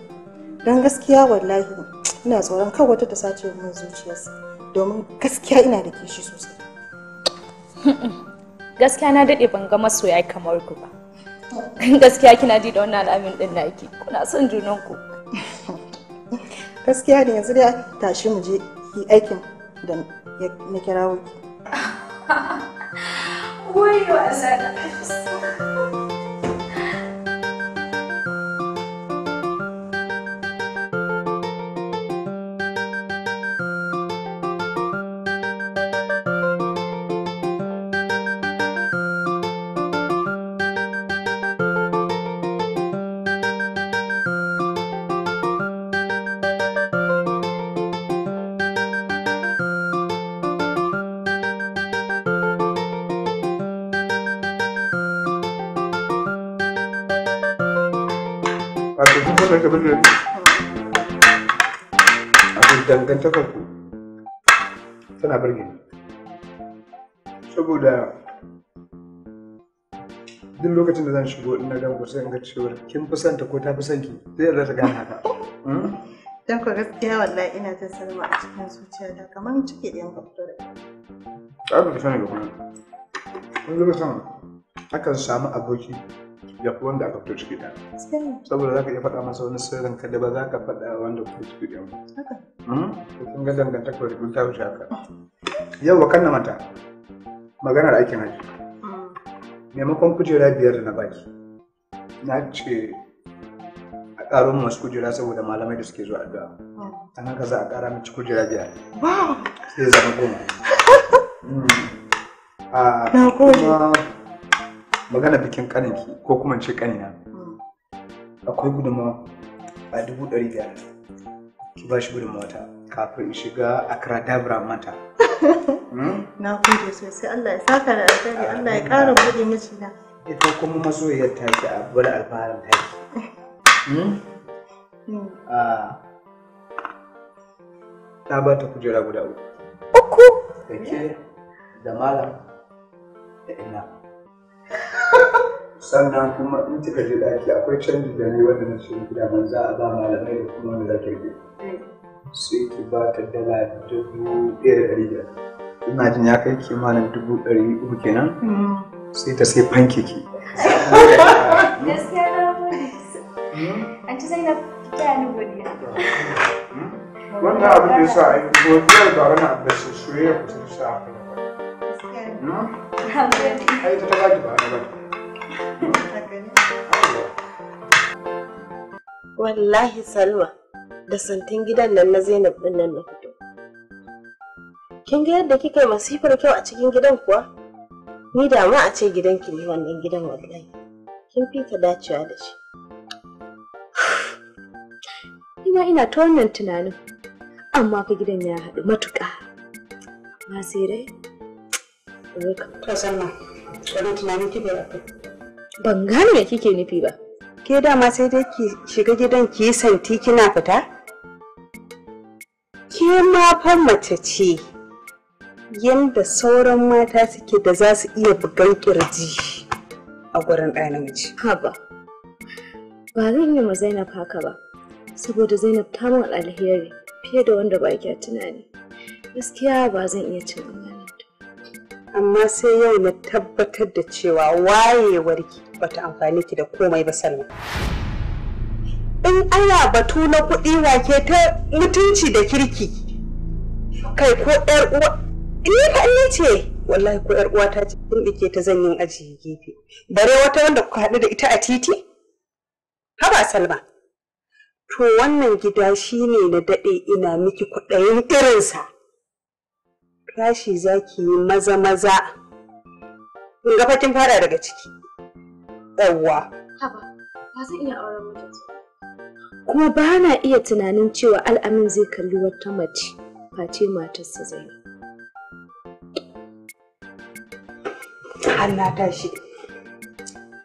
don gaskiya wallahi ina tsoron kar wata ta sace min zuciyarsa domin gaskiya ina da kishi sosai gaskiya na daɗe ban ga masoya kamar ku ba gaskiya kina ji da wannan alamin din naki kuna son junan ku gaskiya ne yanzu dai tashi mu je yi aikin da na kirawo orgullo de ser saboda duk lokacin da zan shigo ina gan ku sai in ga cewar kin fi santa ko ta fi sanki sai za ta gane haka hmm? dan ku gaskiya wallahi ina ta salma a cikin da kamar ciki da ka fito da ta ba sani ba kuma wani lokacin akan samu aboki ya fi wanda aka fito ciki ɗaya saboda za ka iya faɗa masa wani sirrin ka da ba za ka faɗa wanda ku ciki da ba haka hmm? kun ga dangantakar da kun ta wuce haka yau wa kanna mata maganar aikin haji mm. maimakon kujera biyar da na baki na ce a ƙaro masu kujera saboda malamai da suke zuwa addu'a mm. an haka za a kara mace kujera biyar sai zama goma mm. ah, a kuma magana bikin kaninki ko kuma ce kanina akwai gudunma a dubu ɗari biyar ki ba shi gudunma wata kafin shiga akra dabra mata na gode sosai Allah ya saka da alkhairi Allah ya kara buɗe mijina ita kuma masoyiyar ta ce a bar alfaharin ta hmm? Hmm. ta ba ta kujera guda uku uku da ke da malam da ina sannan kuma in kika je ɗaki akwai canji da ne wanda na shirin gida man za a ba malamai da kuma wanda za ta yi hmm. sai ki ba ta dala dubu ɗaya da ɗari biyar ina jin ya kai kimanin dubu ɗari uku kenan mm. sai ta sai pankeki hmm? ki. na an ci zainab ta ni godiya hmm? wannan abu da yasa ai godiyar ba wani abu da shi soyayya ku sun sa aka yi hmm? ai ta ta ba na baki wallahi salwa da santin gidan nan na Zainab din nan na fito. Kin ga yadda kika yi masifar kyau a cikin gidan kuwa? Ni da ma a ce gidanki ne wannan gidan wallahi. Kin fi ta dacewa da shi. Ina ina ta wannan tunanin. Amma fa gidan ya haɗu matuƙa. Ma sai dai. Ka san ma, wani tunanin kike da Ban gane me kike nufi ba. Ke dama sai dai ki shiga gidan ki yi santi kina fita? Ke ma fa mace ce yadda sauran mata suke da za su iya bugan kirji a gurin ɗa namiji. Haba, ba zan yi ma Zainab haka ba, saboda Zainab ta mun alheri fiye da wanda ba kya tunani. Gaskiya ba zan iya cin amana. Amma sai yau na tabbatar da cewa wayewarki bata amfani ki da komai ba salma. in ana batu na kuɗi wake ta mutunci da kirki kai ko yar uwa ni ka ni ce wallahi ko yar uwa ta ce kun dike ta yin aji gefe bare wata wanda kuka haɗu da ita a titi haba salma to wannan gida shine na daɗe ina miki kuɗayin irinsa za zaki yi maza maza in ga fakin fara daga ciki yawwa haba ba zan iya auren mutum kuma ba na iya tunanin cewa al'amin zai kalli wata mace face matarsa zai Allah shi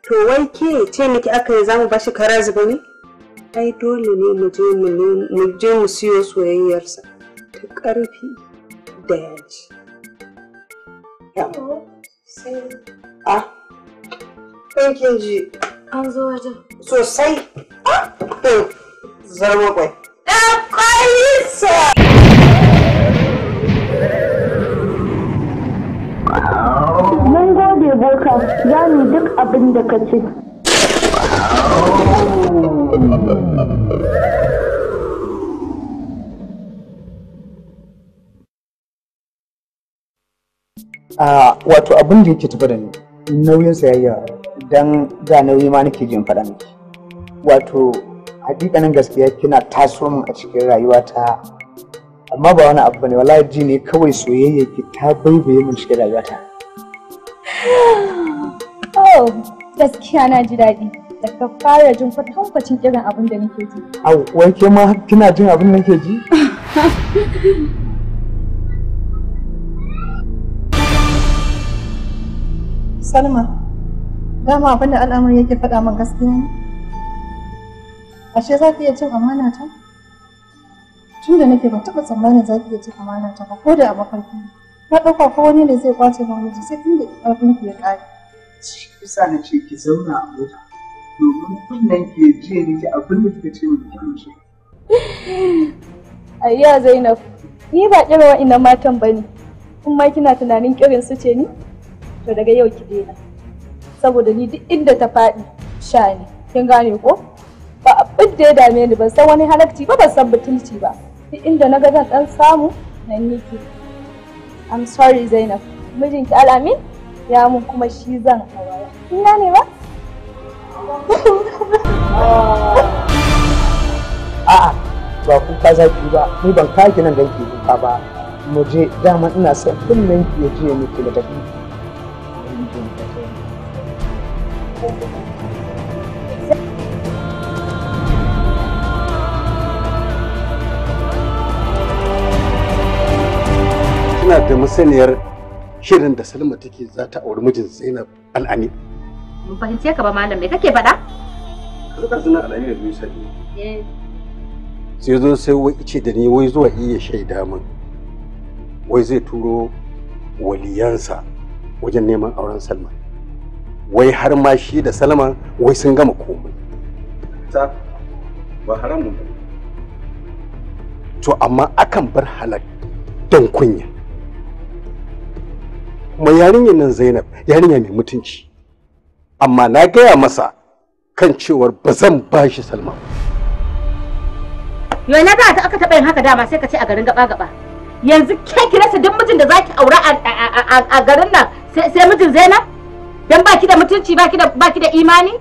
to wai ke ce miki aka yi zamu bashi kara zuba ne ai dole ne mu je mu je mu siyo soyayyarsa ta ƙarfi da yaji a ɗan ji an zo wajen sosai ah! zarmo kwai. Da Mun gode boka za mu duk abin da ka ce. Wato abin da yake tafi da ni nauyin sayayya don ga nauyi ma nake jin faɗa miki. Wato hakikanin gaskiya kina taso min a cikin rayuwata amma ba wani abu ne wallahi ji ne kawai soyayya ki ta baibaye min cikin rayuwata oh gaskiya na ji daɗi da ka fara jin kwatankwacin irin abin da nake ji au wai ke ma kina jin abin da nake ji Salma, dama abin da al'amari yake faɗa min gaskiya ne? ashe za ki iya cin amana ta tun da nake ban taɓa tsammanin za ki iya cin amana ta ba ko da a mafarki na ɗauka ko wani ne zai kwace ma miji sai inda ƙarfin ki ya ƙare kisa na ce ki zauna a mota domin kunnen ki ya jiya miki abin da kika ce min kin shi ayya zainab ni ba irin ina matan ba ne kuma kina tunanin kirin su ce ni to daga yau ki daina saboda ni duk inda ta faɗi sha ne kin gane ko ba abin da ya dame ni ban san wani halakci ba ban san butulci ba duk inda na ga zan dan samu nan nake I'm sorry Zainab mijinki Alamin ya mun kuma shi zan aura ina ne ba a'a ba kuka zaki ba ni ban kaki nan dan ki kuka ba mu je dama ina son kunnen ki je miki da tafi Thank you. da masaniyar shirin da Salma take za ta auri mijin Zainab Al'ami. Mun fahimce ka ba malam me kake faɗa? Kaza suna Al'ami da biyu Eh. Sai zo sai wai ice da ni wai zuwa iya shaida min. Wai zai turo waliyansa wajen neman auren Salma. Wai har ma shi da Salma wai sun gama komai. Ta ba haramun ba. To amma akan bar halak don kunya. kuma yarinyar nan zainab yarinya mai mutunci amma na gaya masa kan cewar ba zan ba shi salma yau na ta aka taɓa yin haka dama sai ka ce a garin gaba gaba yanzu ke ki rasa duk mutum da zaki aura a garin nan sai mijin zainab dan baki da mutunci baki da baki da imani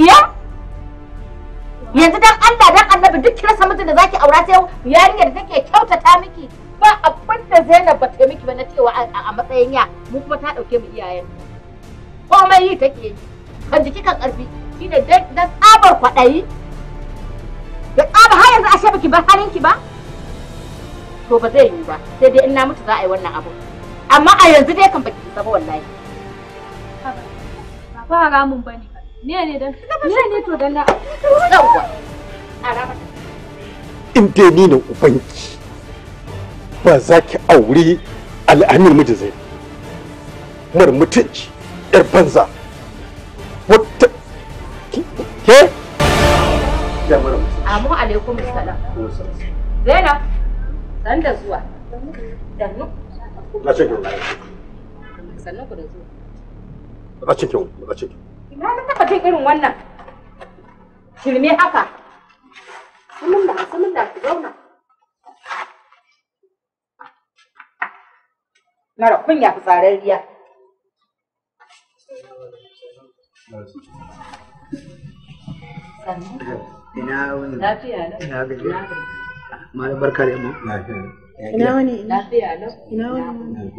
iya yanzu dan Allah dan annabi duk ki rasa mijin da zaki aura sai yarinya da take kyautata miki ba abin da Zainab ba ta miki ba na cewa a matsayin ya mu kuma ta dauke mu iyayen komai yi take yi kan jiki kan karfi shine da da tsabar kwadayi da tsabar har yanzu ashe baki ba halin ki ba to ba zai yi ba sai dai in na mutu za a yi wannan abu amma a yanzu dai kan baki saba wallahi ba fa ramun bane ne ne dan ne ne to dan na yawwa a ramata in dai ni ne ubanki ba za ki auri al'amin miji zai mar mutunci yar banza wata ke amma alaikum salam zainab dan da zuwa dannu na ce ki sannan ku da zuwa na ce ki na ce ki ina na ta jin irin wannan shirme haka sunan da sunan da ku zauna mara kunya fitsararriya ina wani lafiya ina da wani lafiya ina wani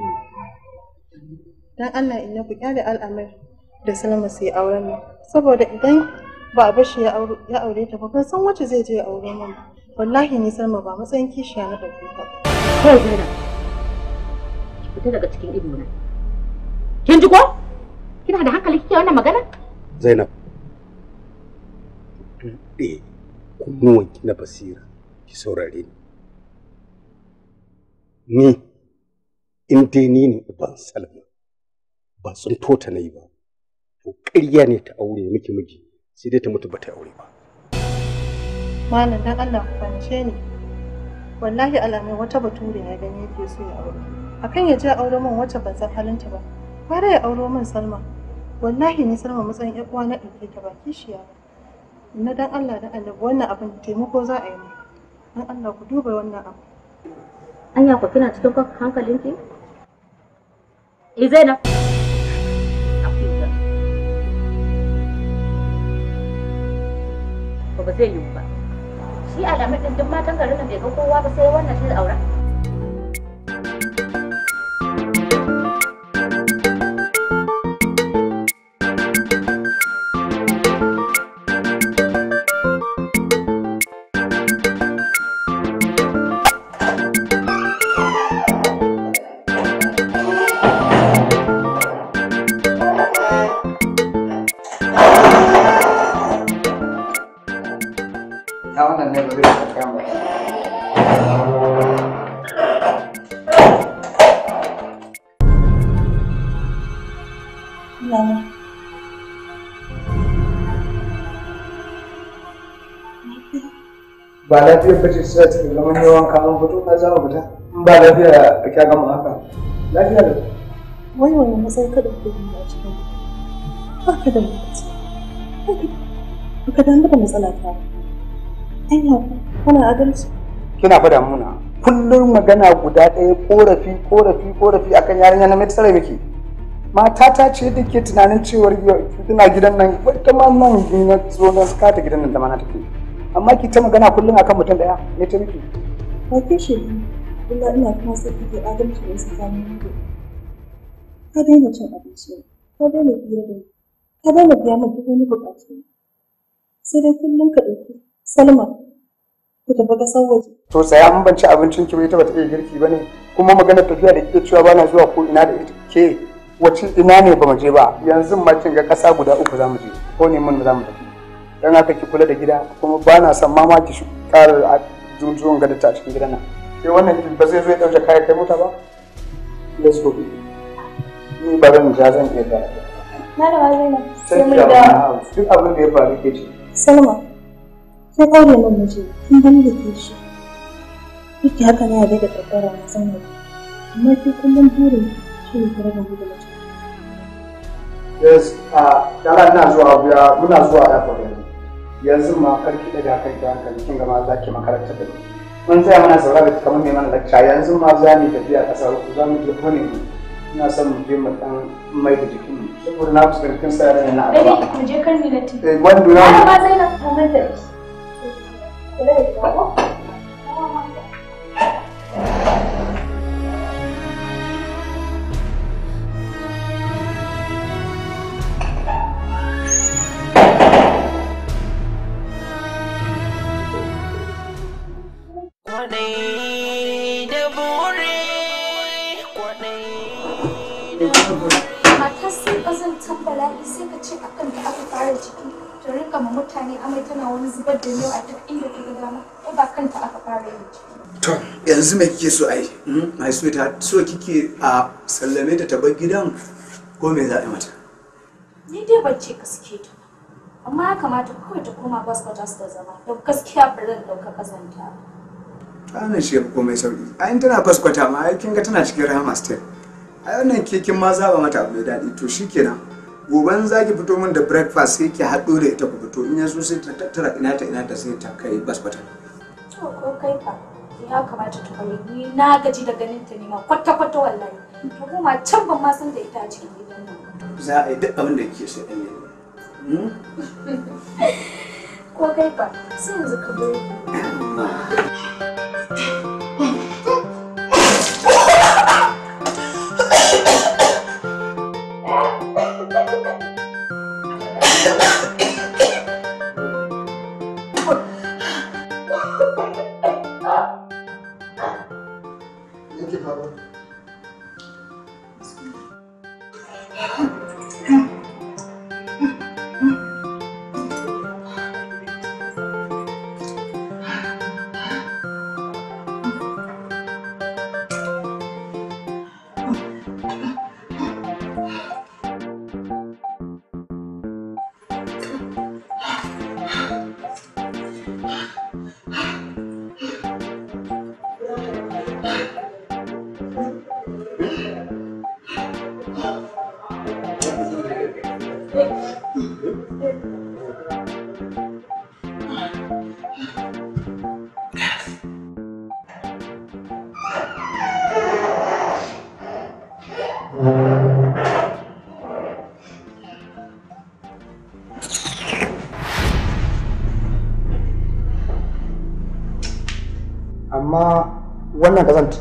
dan Allah ina ku kyale al'amari da Salma yi auren mu saboda idan ba a bashi ya aure ta ba san wacce zai je ya aure mu wallahi ni Salma ba matsayin kishiya na dauke ta fita daga cikin ido na kin ji ko kina da hankali kike wannan magana Zainab buɗe kunnuwanki na basira ki saurare ni ni in dai ni ne uban Salma ba sun tota nayi ba to ƙarya ne ta aure miki miji sai dai ta mutu ba ta aure ba malam dan Allah ku fahimce ni wallahi alamai wata bature ya gani yake so ya aure akan ya je auro min wacce ban san halinta ba fara ya auro min salma wallahi ni salma matsayin yan uwa na ɗauke ta ba kishiya ba na dan Allah da Allah wannan abin taimako za a yi mu dan Allah ku duba wannan abu anya ku kina cikin hankalinki eh Zainab ba zai yiwu ba shi alamar ɗin duk matan garin nan bai ga kowa ba sai wannan shi da auren lafiyar bace sai ta zama yawan kamun fito na zama fita in ba lafiya a kya gama haka lafiya da wai wani matsayi ka dauke ni a cikin ka da ba ka dan da matsala ta anya kana adalci kina fada muna kullum magana guda ɗaya korafi korafi korafi akan yarinya na mai tsare mata matata ce da ke tunanin cewar tana gidan nan wata ma nan gina zo na ta gidan nan da mana take amma ki ta magana kullum akan mutum daya ne ta miki ba ke shi ina ina kuma sai kike ga adalci ne mun ku ka daina cin abinci ka daina hira da ka daina biya min duk wani bukatu sai dai kullum ka ɗauki salma ku tafi ƙasar waje to sai an banci abincin ki bai ta bata iya girki bane kuma magana tafiya da kike cewa bana zuwa ko ina da ita ke wace ina ne ba mu je ba yanzu ma kin ga ƙasa guda uku zamu je ko ne mun zamu tafi don haka ki kula da gida kuma ba na son mama ki ƙara zuwan gada ta cikin gidan nan sai wannan ba zai zo ya ɗauke kaya kai mota ba let's go ni ba zan ja zan iya gara na da wazai na sai mu da duk abin da ya faru ke ce salma sai aure mun miji kin gani da ke shi yake haka na yabe da karkara na san mu? amma ki kullum burin shi ne kare da mutum yes a kana ina zuwa abuya muna zuwa airport yanzu ma karki daga kai da hankali kin ga ma za ki makaranta da ni mun tsaya mana saurara kamar mai mana lakca yanzu ma za mu tafiya kasar uku za mu je kone mu ina son mu je mu dan mai da jikin mu saboda na fuskanci kin tsaya na ba dai ku je ni na ti eh wanda na ba zai na kamar da shi mata sai ƙazantar sai ka ce akan aka fara ciki ta rinka ma mutane amai tana wani zubar da yau a duk inda ko ba kanta aka fara yin ciki to yanzu me kike so ai hmm? my sweetheart so kike a sallame ta taba gidan ko me za a yi mata ni dai ban gaske ta amma ya kamata kawai ta koma bas ta zama don gaskiya ba zan ɗauka ƙazanta ba tana shi ko mai sauki ai in tana kwaskwata ma ai kin ga tana cikin rahama stay ai wannan kekin ma zaba mata abu mai daɗi to shikenan goban zaki fito min da breakfast sai ki haɗo da ita ku fito in yanzu sai ta tattara ina ta ina ta sai ta kai kwaskwata to ko kai fa ya kamata ta bari ni na gaji da ganin ta ne ma kwata kwata wallahi ta koma can ban ma san da ita a cikin gidan nan za a yi duk abin da kike so ɗan ne hmm? ko kai ba sai yanzu ka goyi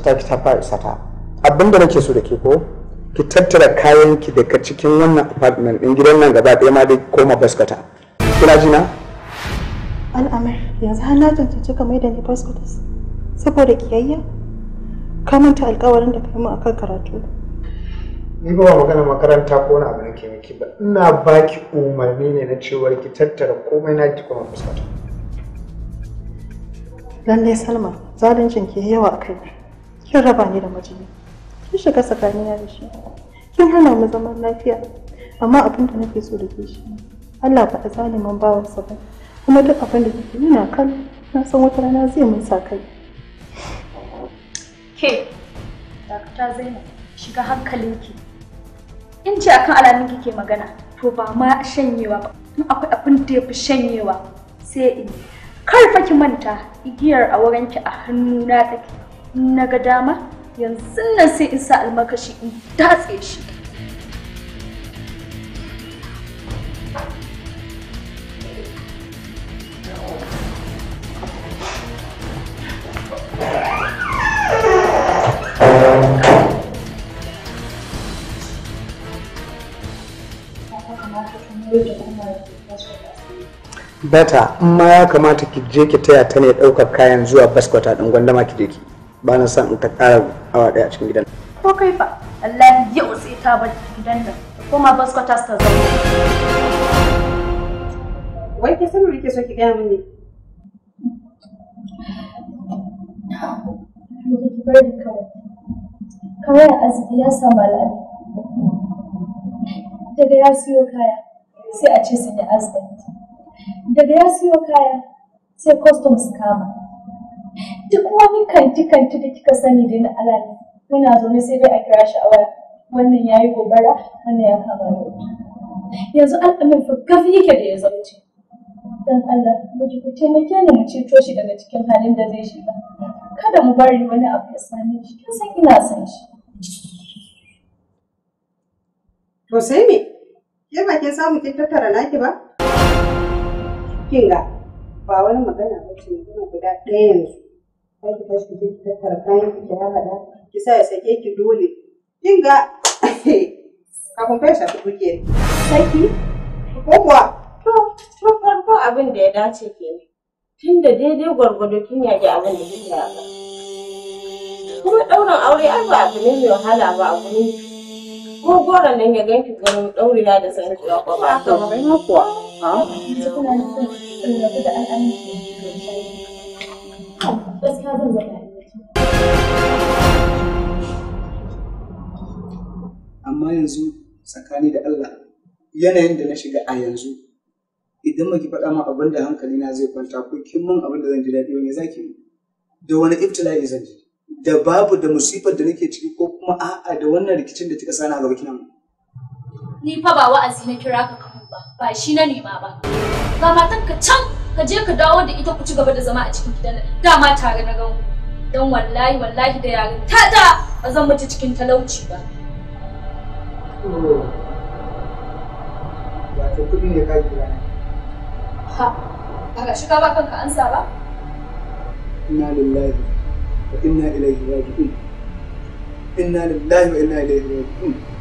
ta ki ta fara sata abinda nake so da ke ko ki tattara kayan ki daga cikin wannan apartment din gidan nan gaba ɗaya ma dai koma baskata kina ji na al'amar yanzu har na tantance ka mai da ni baskatas saboda kiyayya ka manta alƙawarin da kai mu akan karatu ni ba ba magana makaranta ko wani abu ke miki ba ina baki umarni ne na cewar ki tattara komai na ki koma fuskata lallai salma zaluncin ke yawa a kai kin raba ni da majini kin shiga tsakanina da shi kin hana mu zaman lafiya amma abin da nake so da ke shi Allah ba a zaliman bawansa ba kuma duk abin da kike yana kan na san wata rana zai mun sa kai ke dakata zainab shiga hankalinki in ce akan alamin kike magana to ba ma shanyewa ba in akwai abin da ya fi shanyewa sai in kar fa ki manta igiyar a wurinki a hannuna take na ga dama yanzu nan sai in sa almakashi in datse shi bata in ma ya kamata ki je ki taya ta ne ɗaukar kayan zuwa baskwata ɗin gwandama ki je ki ba na son in ta ƙara awa ɗaya a cikin gidan ko kai fa Allah yau sai ta bar gidan nan koma baskwatas ta zama wai ke sanin rike so ki gaya min ne kawai a asibi ya samu alabi daga ya siyo kaya sai a ce su da asibi daga ya siyo kaya sai customs kama duk wani kanti kanti da kika sani da na alal muna zaune sai dai a kira shi a waya wannan ya yi gobara wannan ya kama da an yanzu al'amin fagafi yake da ya zauce don Allah mu ji ku taimake ni mu ceto shi daga cikin halin da zai shiga kada mu bari wani abu ya same shi kin san ina san shi to sai me ke ba ke samu kin tattara naki ba kinga ba wani magana ba ce magana guda ɗaya yanzu za ki tashi ki je ki tattara kayan ki da yara ki sa ya sake ki dole kin ga kafin kai shafi kuke saki ko kuwa to to farko abin da ya dace kenan tunda daidai gwargwado kin yaji abin da kike yaba kuma ɗaurin aure ai ba abu ne mai wahala ba a gurin ko goron nan ya ganki ganin ɗauriya da sanin ko ba haka ba kuwa da a amma yanzu tsakani da Allah yanayin da na shiga a yanzu idan maki faɗa ma abin da hankali na zai kwanta ko kin mun abin da zan ji daɗi wani zaki da wani iftila'i zan ji da babu da musibar da nake ciki ko kuma a'a da wannan rikicin da kika sani a gaba kina ni fa ba wa'azi na kira ka ba ba shi na nema ba ga matanka can ka je ka dawo da ita ku ci gaba da zama a cikin gidan nan dama tare na gan don wallahi wallahi da yarin ta ta ba zan mutu cikin talauci ba wato kudi ne ka gida ha a ga shiga ba kanka ba inna lillahi wa inna ilaihi raji'un inna lillahi wa inna ilaihi raji'un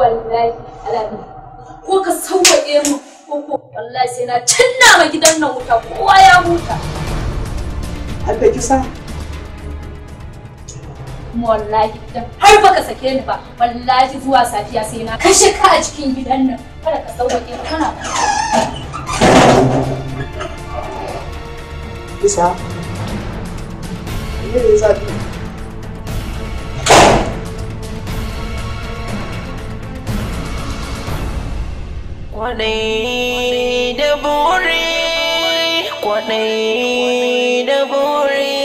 wallahi alabi ko ka sauwaƙe mu ko ko wallahi sai na cinna ma gidan nan wuta kowa ya huta har da kisa wallahi dan har baka sake ni ba wallahi zuwa safiya sai na kashe ka a cikin gidan nan kada ka sauwaƙe kana kisa me ne Kwaɗai da bore, kwaɗai da bore.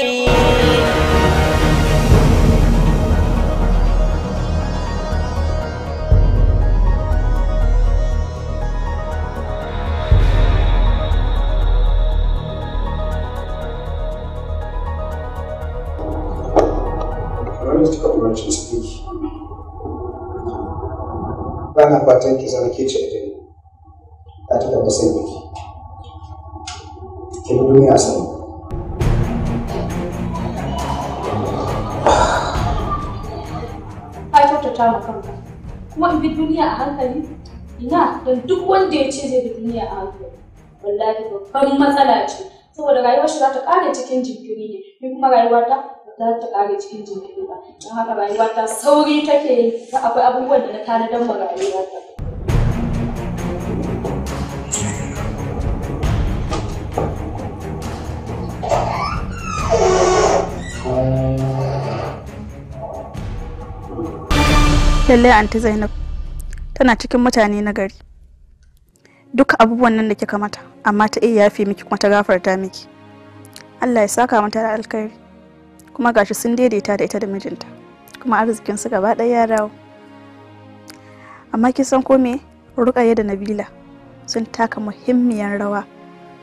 Ana fatan ki zama ke katika kusaidiki kihudumia sana. Ka kyautata ma kanka kuma in bi duniya a hankali ina don duk wanda ya ce zai bi duniya a hankali wallahi babban matsala ce saboda rayuwar shi za ta ƙara cikin jinkiri ne ni kuma rayuwa ta za ta kare cikin jinkiri ba don haka rayuwa ta sauri take yi akwai abubuwan da na tanadar ma rayuwa ta lallai anti zainab tana cikin mutane na gari duk abubuwan nan da kika mata amma ta iya yafe miki kuma ta gafarta miki allah ya saka mata da alkhairi kuma gashi sun daidaita da ita da mijinta kuma arzikin su gaba ɗaya ya dawo amma kin san ko me ruƙaye da nabila sun taka muhimmiyar rawa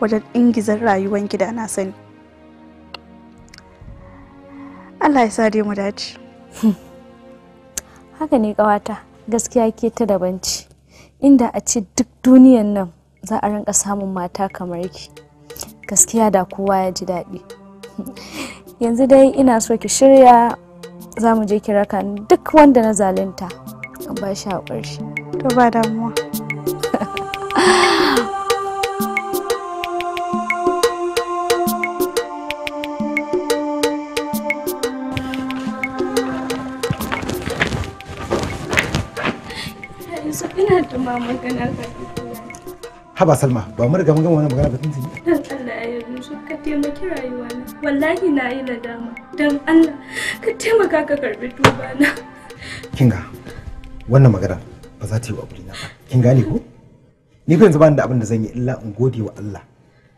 wajen ingizar rayuwar gida na sani allah ya sa dai mu dace haka ne kawata gaskiya ke ta dabanci inda a ce duk duniyan nan za a rinka samun mata kamar ki gaskiya da kowa ya ji daɗi yanzu dai ina so ki shirya za mu je kiraka duk wanda na zalunta ba shi a ƙarshe to ba damuwa ta haba salma ba mu riga mun gama wannan magana ba tun dan Allah ya yusuf ka taimaki rayuwa na wallahi na yi nadama dan Allah ka taimaka ka karbi tuba na kinga wannan magana ba za ta yi wa abuli na ba kin gane ko ni ko yanzu ba ni da abin da zan yi illa in gode wa Allah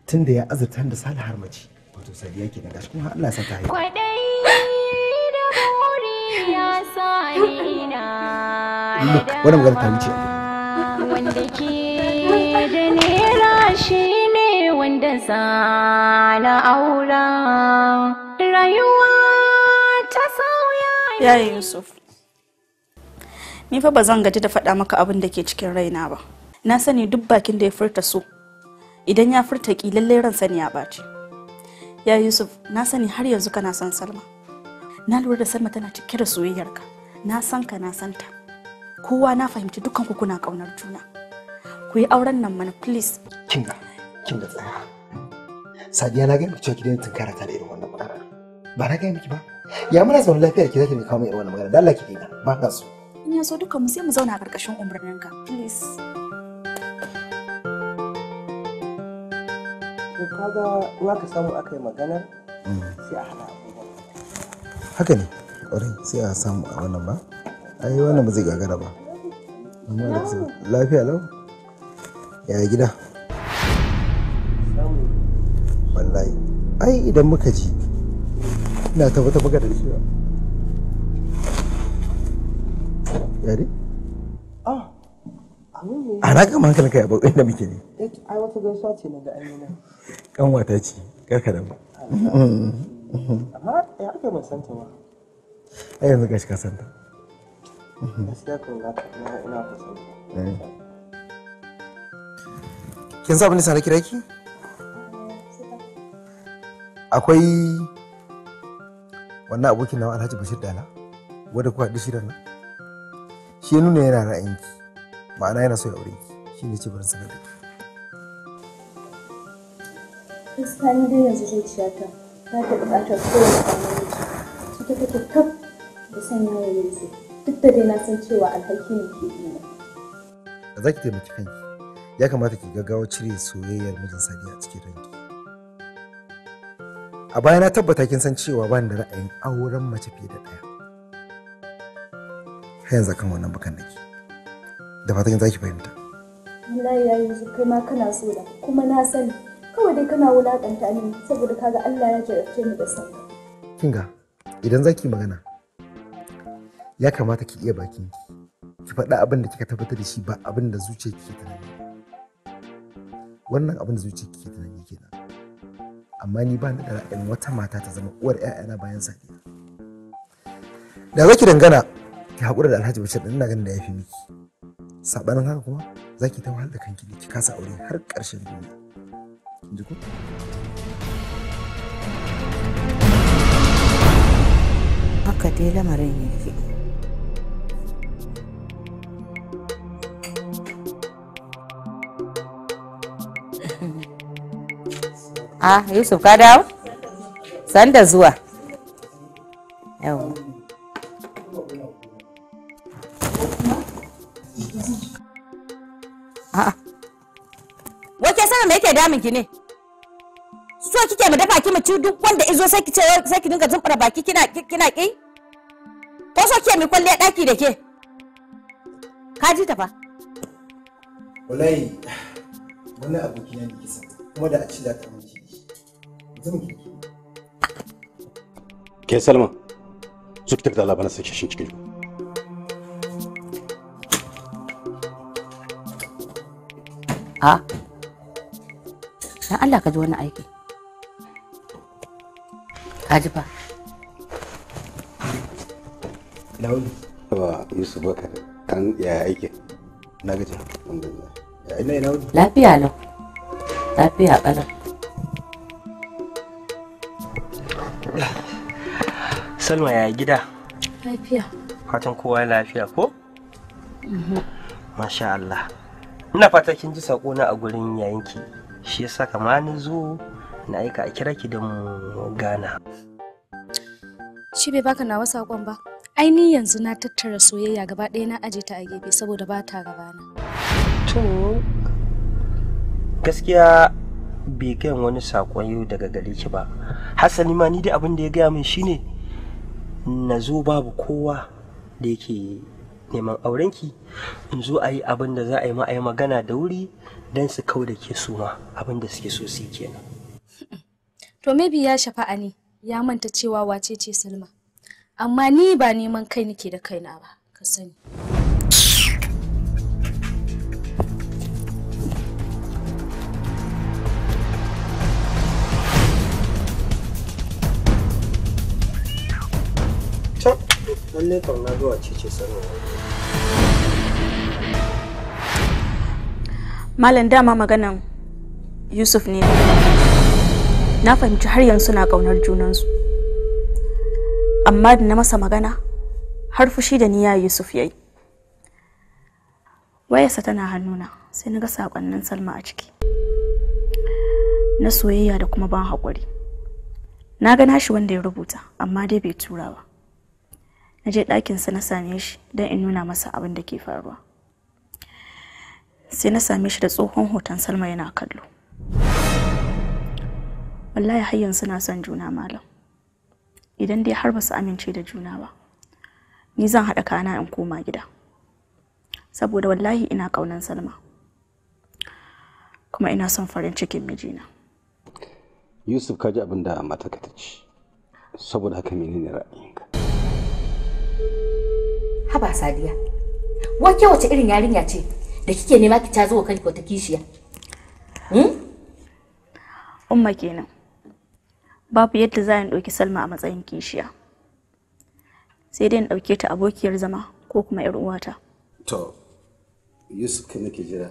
tunda ya azurta da salih mace wato sadiya kenan gashi kuma Allah ya sa ta haihu wannan magana ta wuce wanda ke da nera shi ne wanda zana aura rayuwa ta sauya ya yusuf ni fa ba zan gaji da faɗa maka abin da ke cikin raina ba na sani duk bakin da ya furta so idan ya furta ki lallai ransa ne ya ɓaci ya yusuf na sani har yanzu kana son salma na lura da salma tana cike da soyayyarka na san ka na santa kowa na fahimci dukan ku kuna ƙaunar juna ku yi auren nan mana please kinga kinga tsaya sadiya na ga mace gidan tunkara ta da irin wannan magana ba na ga miki ba ya muna zaune lafiya ki zaki mai kawo mai irin wannan magana da Allah ki dina ba ka so in ya so dukkan mu sai mu zauna a ƙarƙashin umarninka please to kaga ruwa ka samu aka yi maganar hmm. sai a hana haka ne ƙwarai sai a samu a wannan ba ai wannan ba zai gagara ba lafiya lau ya gida wallahi ai idan muka ji ina tabbata baka da cewa yari ah a kama hankalin kai a bakwai muke ne eh, ai wata gaisuwa ce na da amina kanwata ce karka da mu amma ya mai santa ba ai yanzu gashi ka kin sa sana akwai wannan abokin nawa Alhaji Bashir Dala wanda kuka haɗu nan shi ya nuna yana ra'ayinki ma'ana yana so ya aure ki shi ne ce bari sanar da ki gaskiya ba ta buƙatar kowace aminci ita take kaf da sanya wa yanzu duk da dai na san cewa alhaki ne ke yi za ki taimaki kanki ya kamata ki gaggawa cire soyayyar mijin sadi a cikin ranki a baya na tabbata kin san cewa ban da ra'ayin auren mace fiye da ɗaya har yanzu kan wannan bakan nake da fatan za ki fahimta wallahi ya yanzu kai ma kana so da kuma na sani kawai dai kana wulakanta ni saboda kaga Allah ya jarabce ni da sanka kinga idan zaki magana ya kamata ki iya bakin ki ki faɗa abin da kika tabbatar da shi ba abin da zuciyarki ke tunani wannan abin da zuciyarki ke tunani kenan amma ni ba ni da ra'ayin wata mata ta zama uwar ƴaƴana bayan sadiya da zaki dangana ki haƙura da Alhaji Bashir ina ganin da ya fi miki saɓanin haka kuma zaki ta wahala kanki ne ki kasa aure har ƙarshen duniya in ji ku haka dai lamarin yake a ah, yusuf ka dawo San da zuwa wake sana me yake damun ki ne so kike mu dafa ki mu ci duk wanda izo sai ki ce sai ki dinga zumbura baki kina kina ki ko so kike mu kulle daki da ke ka ji ta fa wallahi wani aboki ne kisa kuma da a ci za ta mace ke cikin ha dan Allah ka ji wani aiki ka ji fa launi kan ya aiki na gaji alhamdulillah ya ina ina lafiya ƙalar salma ya gida lafiya fatan kowa ya lafiya ko mhm. masha Allah ina fata kin ji sako na a gurin yayinki shi yasa kama ni zo na aika a kira ki don gana shi bai baka nawa sakon ba ai ni yanzu na tattara soyayya gaba ɗaya na aje ta a gefe saboda ba ta gabana to gaskiya bai gayan wani sakon yau daga gare ki ba hasali ma ni da abin da ya gaya min shine na zo babu kowa da yake neman aurenki in zo a yi abin da za a yi ma a magana da wuri don su kau da ke ma abin da suke so su yi kenan to maybe ya shafa'a ne ya manta cewa wace ce salma amma ni ba neman kai nake da kaina ba ka sani lallai kauna zuwa ce ce sanarwa malam dama maganan yusuf ne na fahimci har yanzu na ƙaunar junansu amma da na masa magana har fushi da niya yusuf ya yi wayarsa tana hannuna sai na ga saƙonnin salma a ciki na soyayya da kuma ban haƙuri na ga nashi wanda ya rubuta amma dai bai tura ba na je ɗakinsa na same shi don in nuna masa abin da ke faruwa sai na same shi da tsohon hoton salma yana kallo wallahi har yanzu na son juna malam idan dai har ba su amince da juna ba ni zan haɗa kana in koma gida saboda wallahi ina ƙaunan salma kuma ina son farin cikin mijina yusuf kaji abin da ka ta saboda haka menene ra'ayi haba sadiya wake wace irin yarinya ce da kike nema ki ta zo kan ko ta kishiya hmm? umma kenan babu yadda za in ɗauki salma a matsayin kishiya sai dai in ɗauke ta abokiyar zama ko kuma yar uwata to yusuf kai nake jira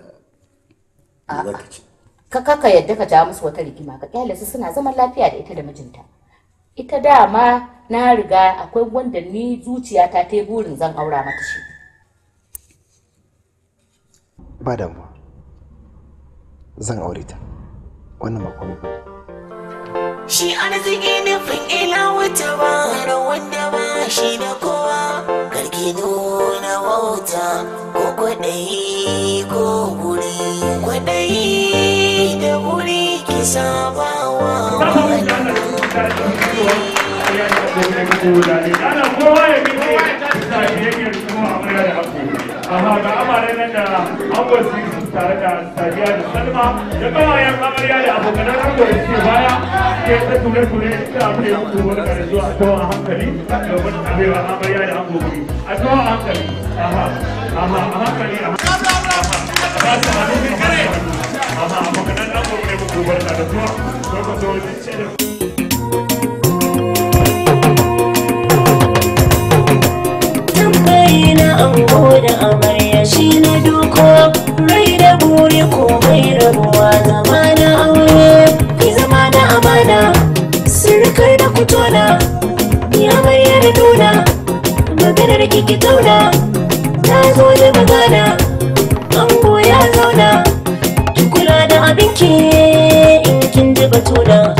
ka ka yadda ka ja musu wata rigima ka kyale su suna zaman lafiya da ita da mijinta ita dama na riga akwai wanda ni zuciyata ta burin zan aura mata shi ba damuwa zan aure ta wannan makomi shi arziki nufin ila wata da wanda ba shi da kowa karki nuna wauta ko kwaɗayi ko guri kwaɗayi da guri amma ga amare nan da angon su tare da sadiya da salma da kawayen amarya da abokanan angon da ke baya ke ta ture-ture ta abu da yanku wani karatu a tawa a hankali domin abewa amarya da angon a tawa a hankali aha aha a hankali a hankali Tambayi na nan da zuwa ango da amarya shi na doko, rai da buri ko rabuwa zama aure kai zama na amana sirkar da kutona ya amarya da nuna maganar kiki tauna na zo da magana ango ya zauna abinki in da ji baturan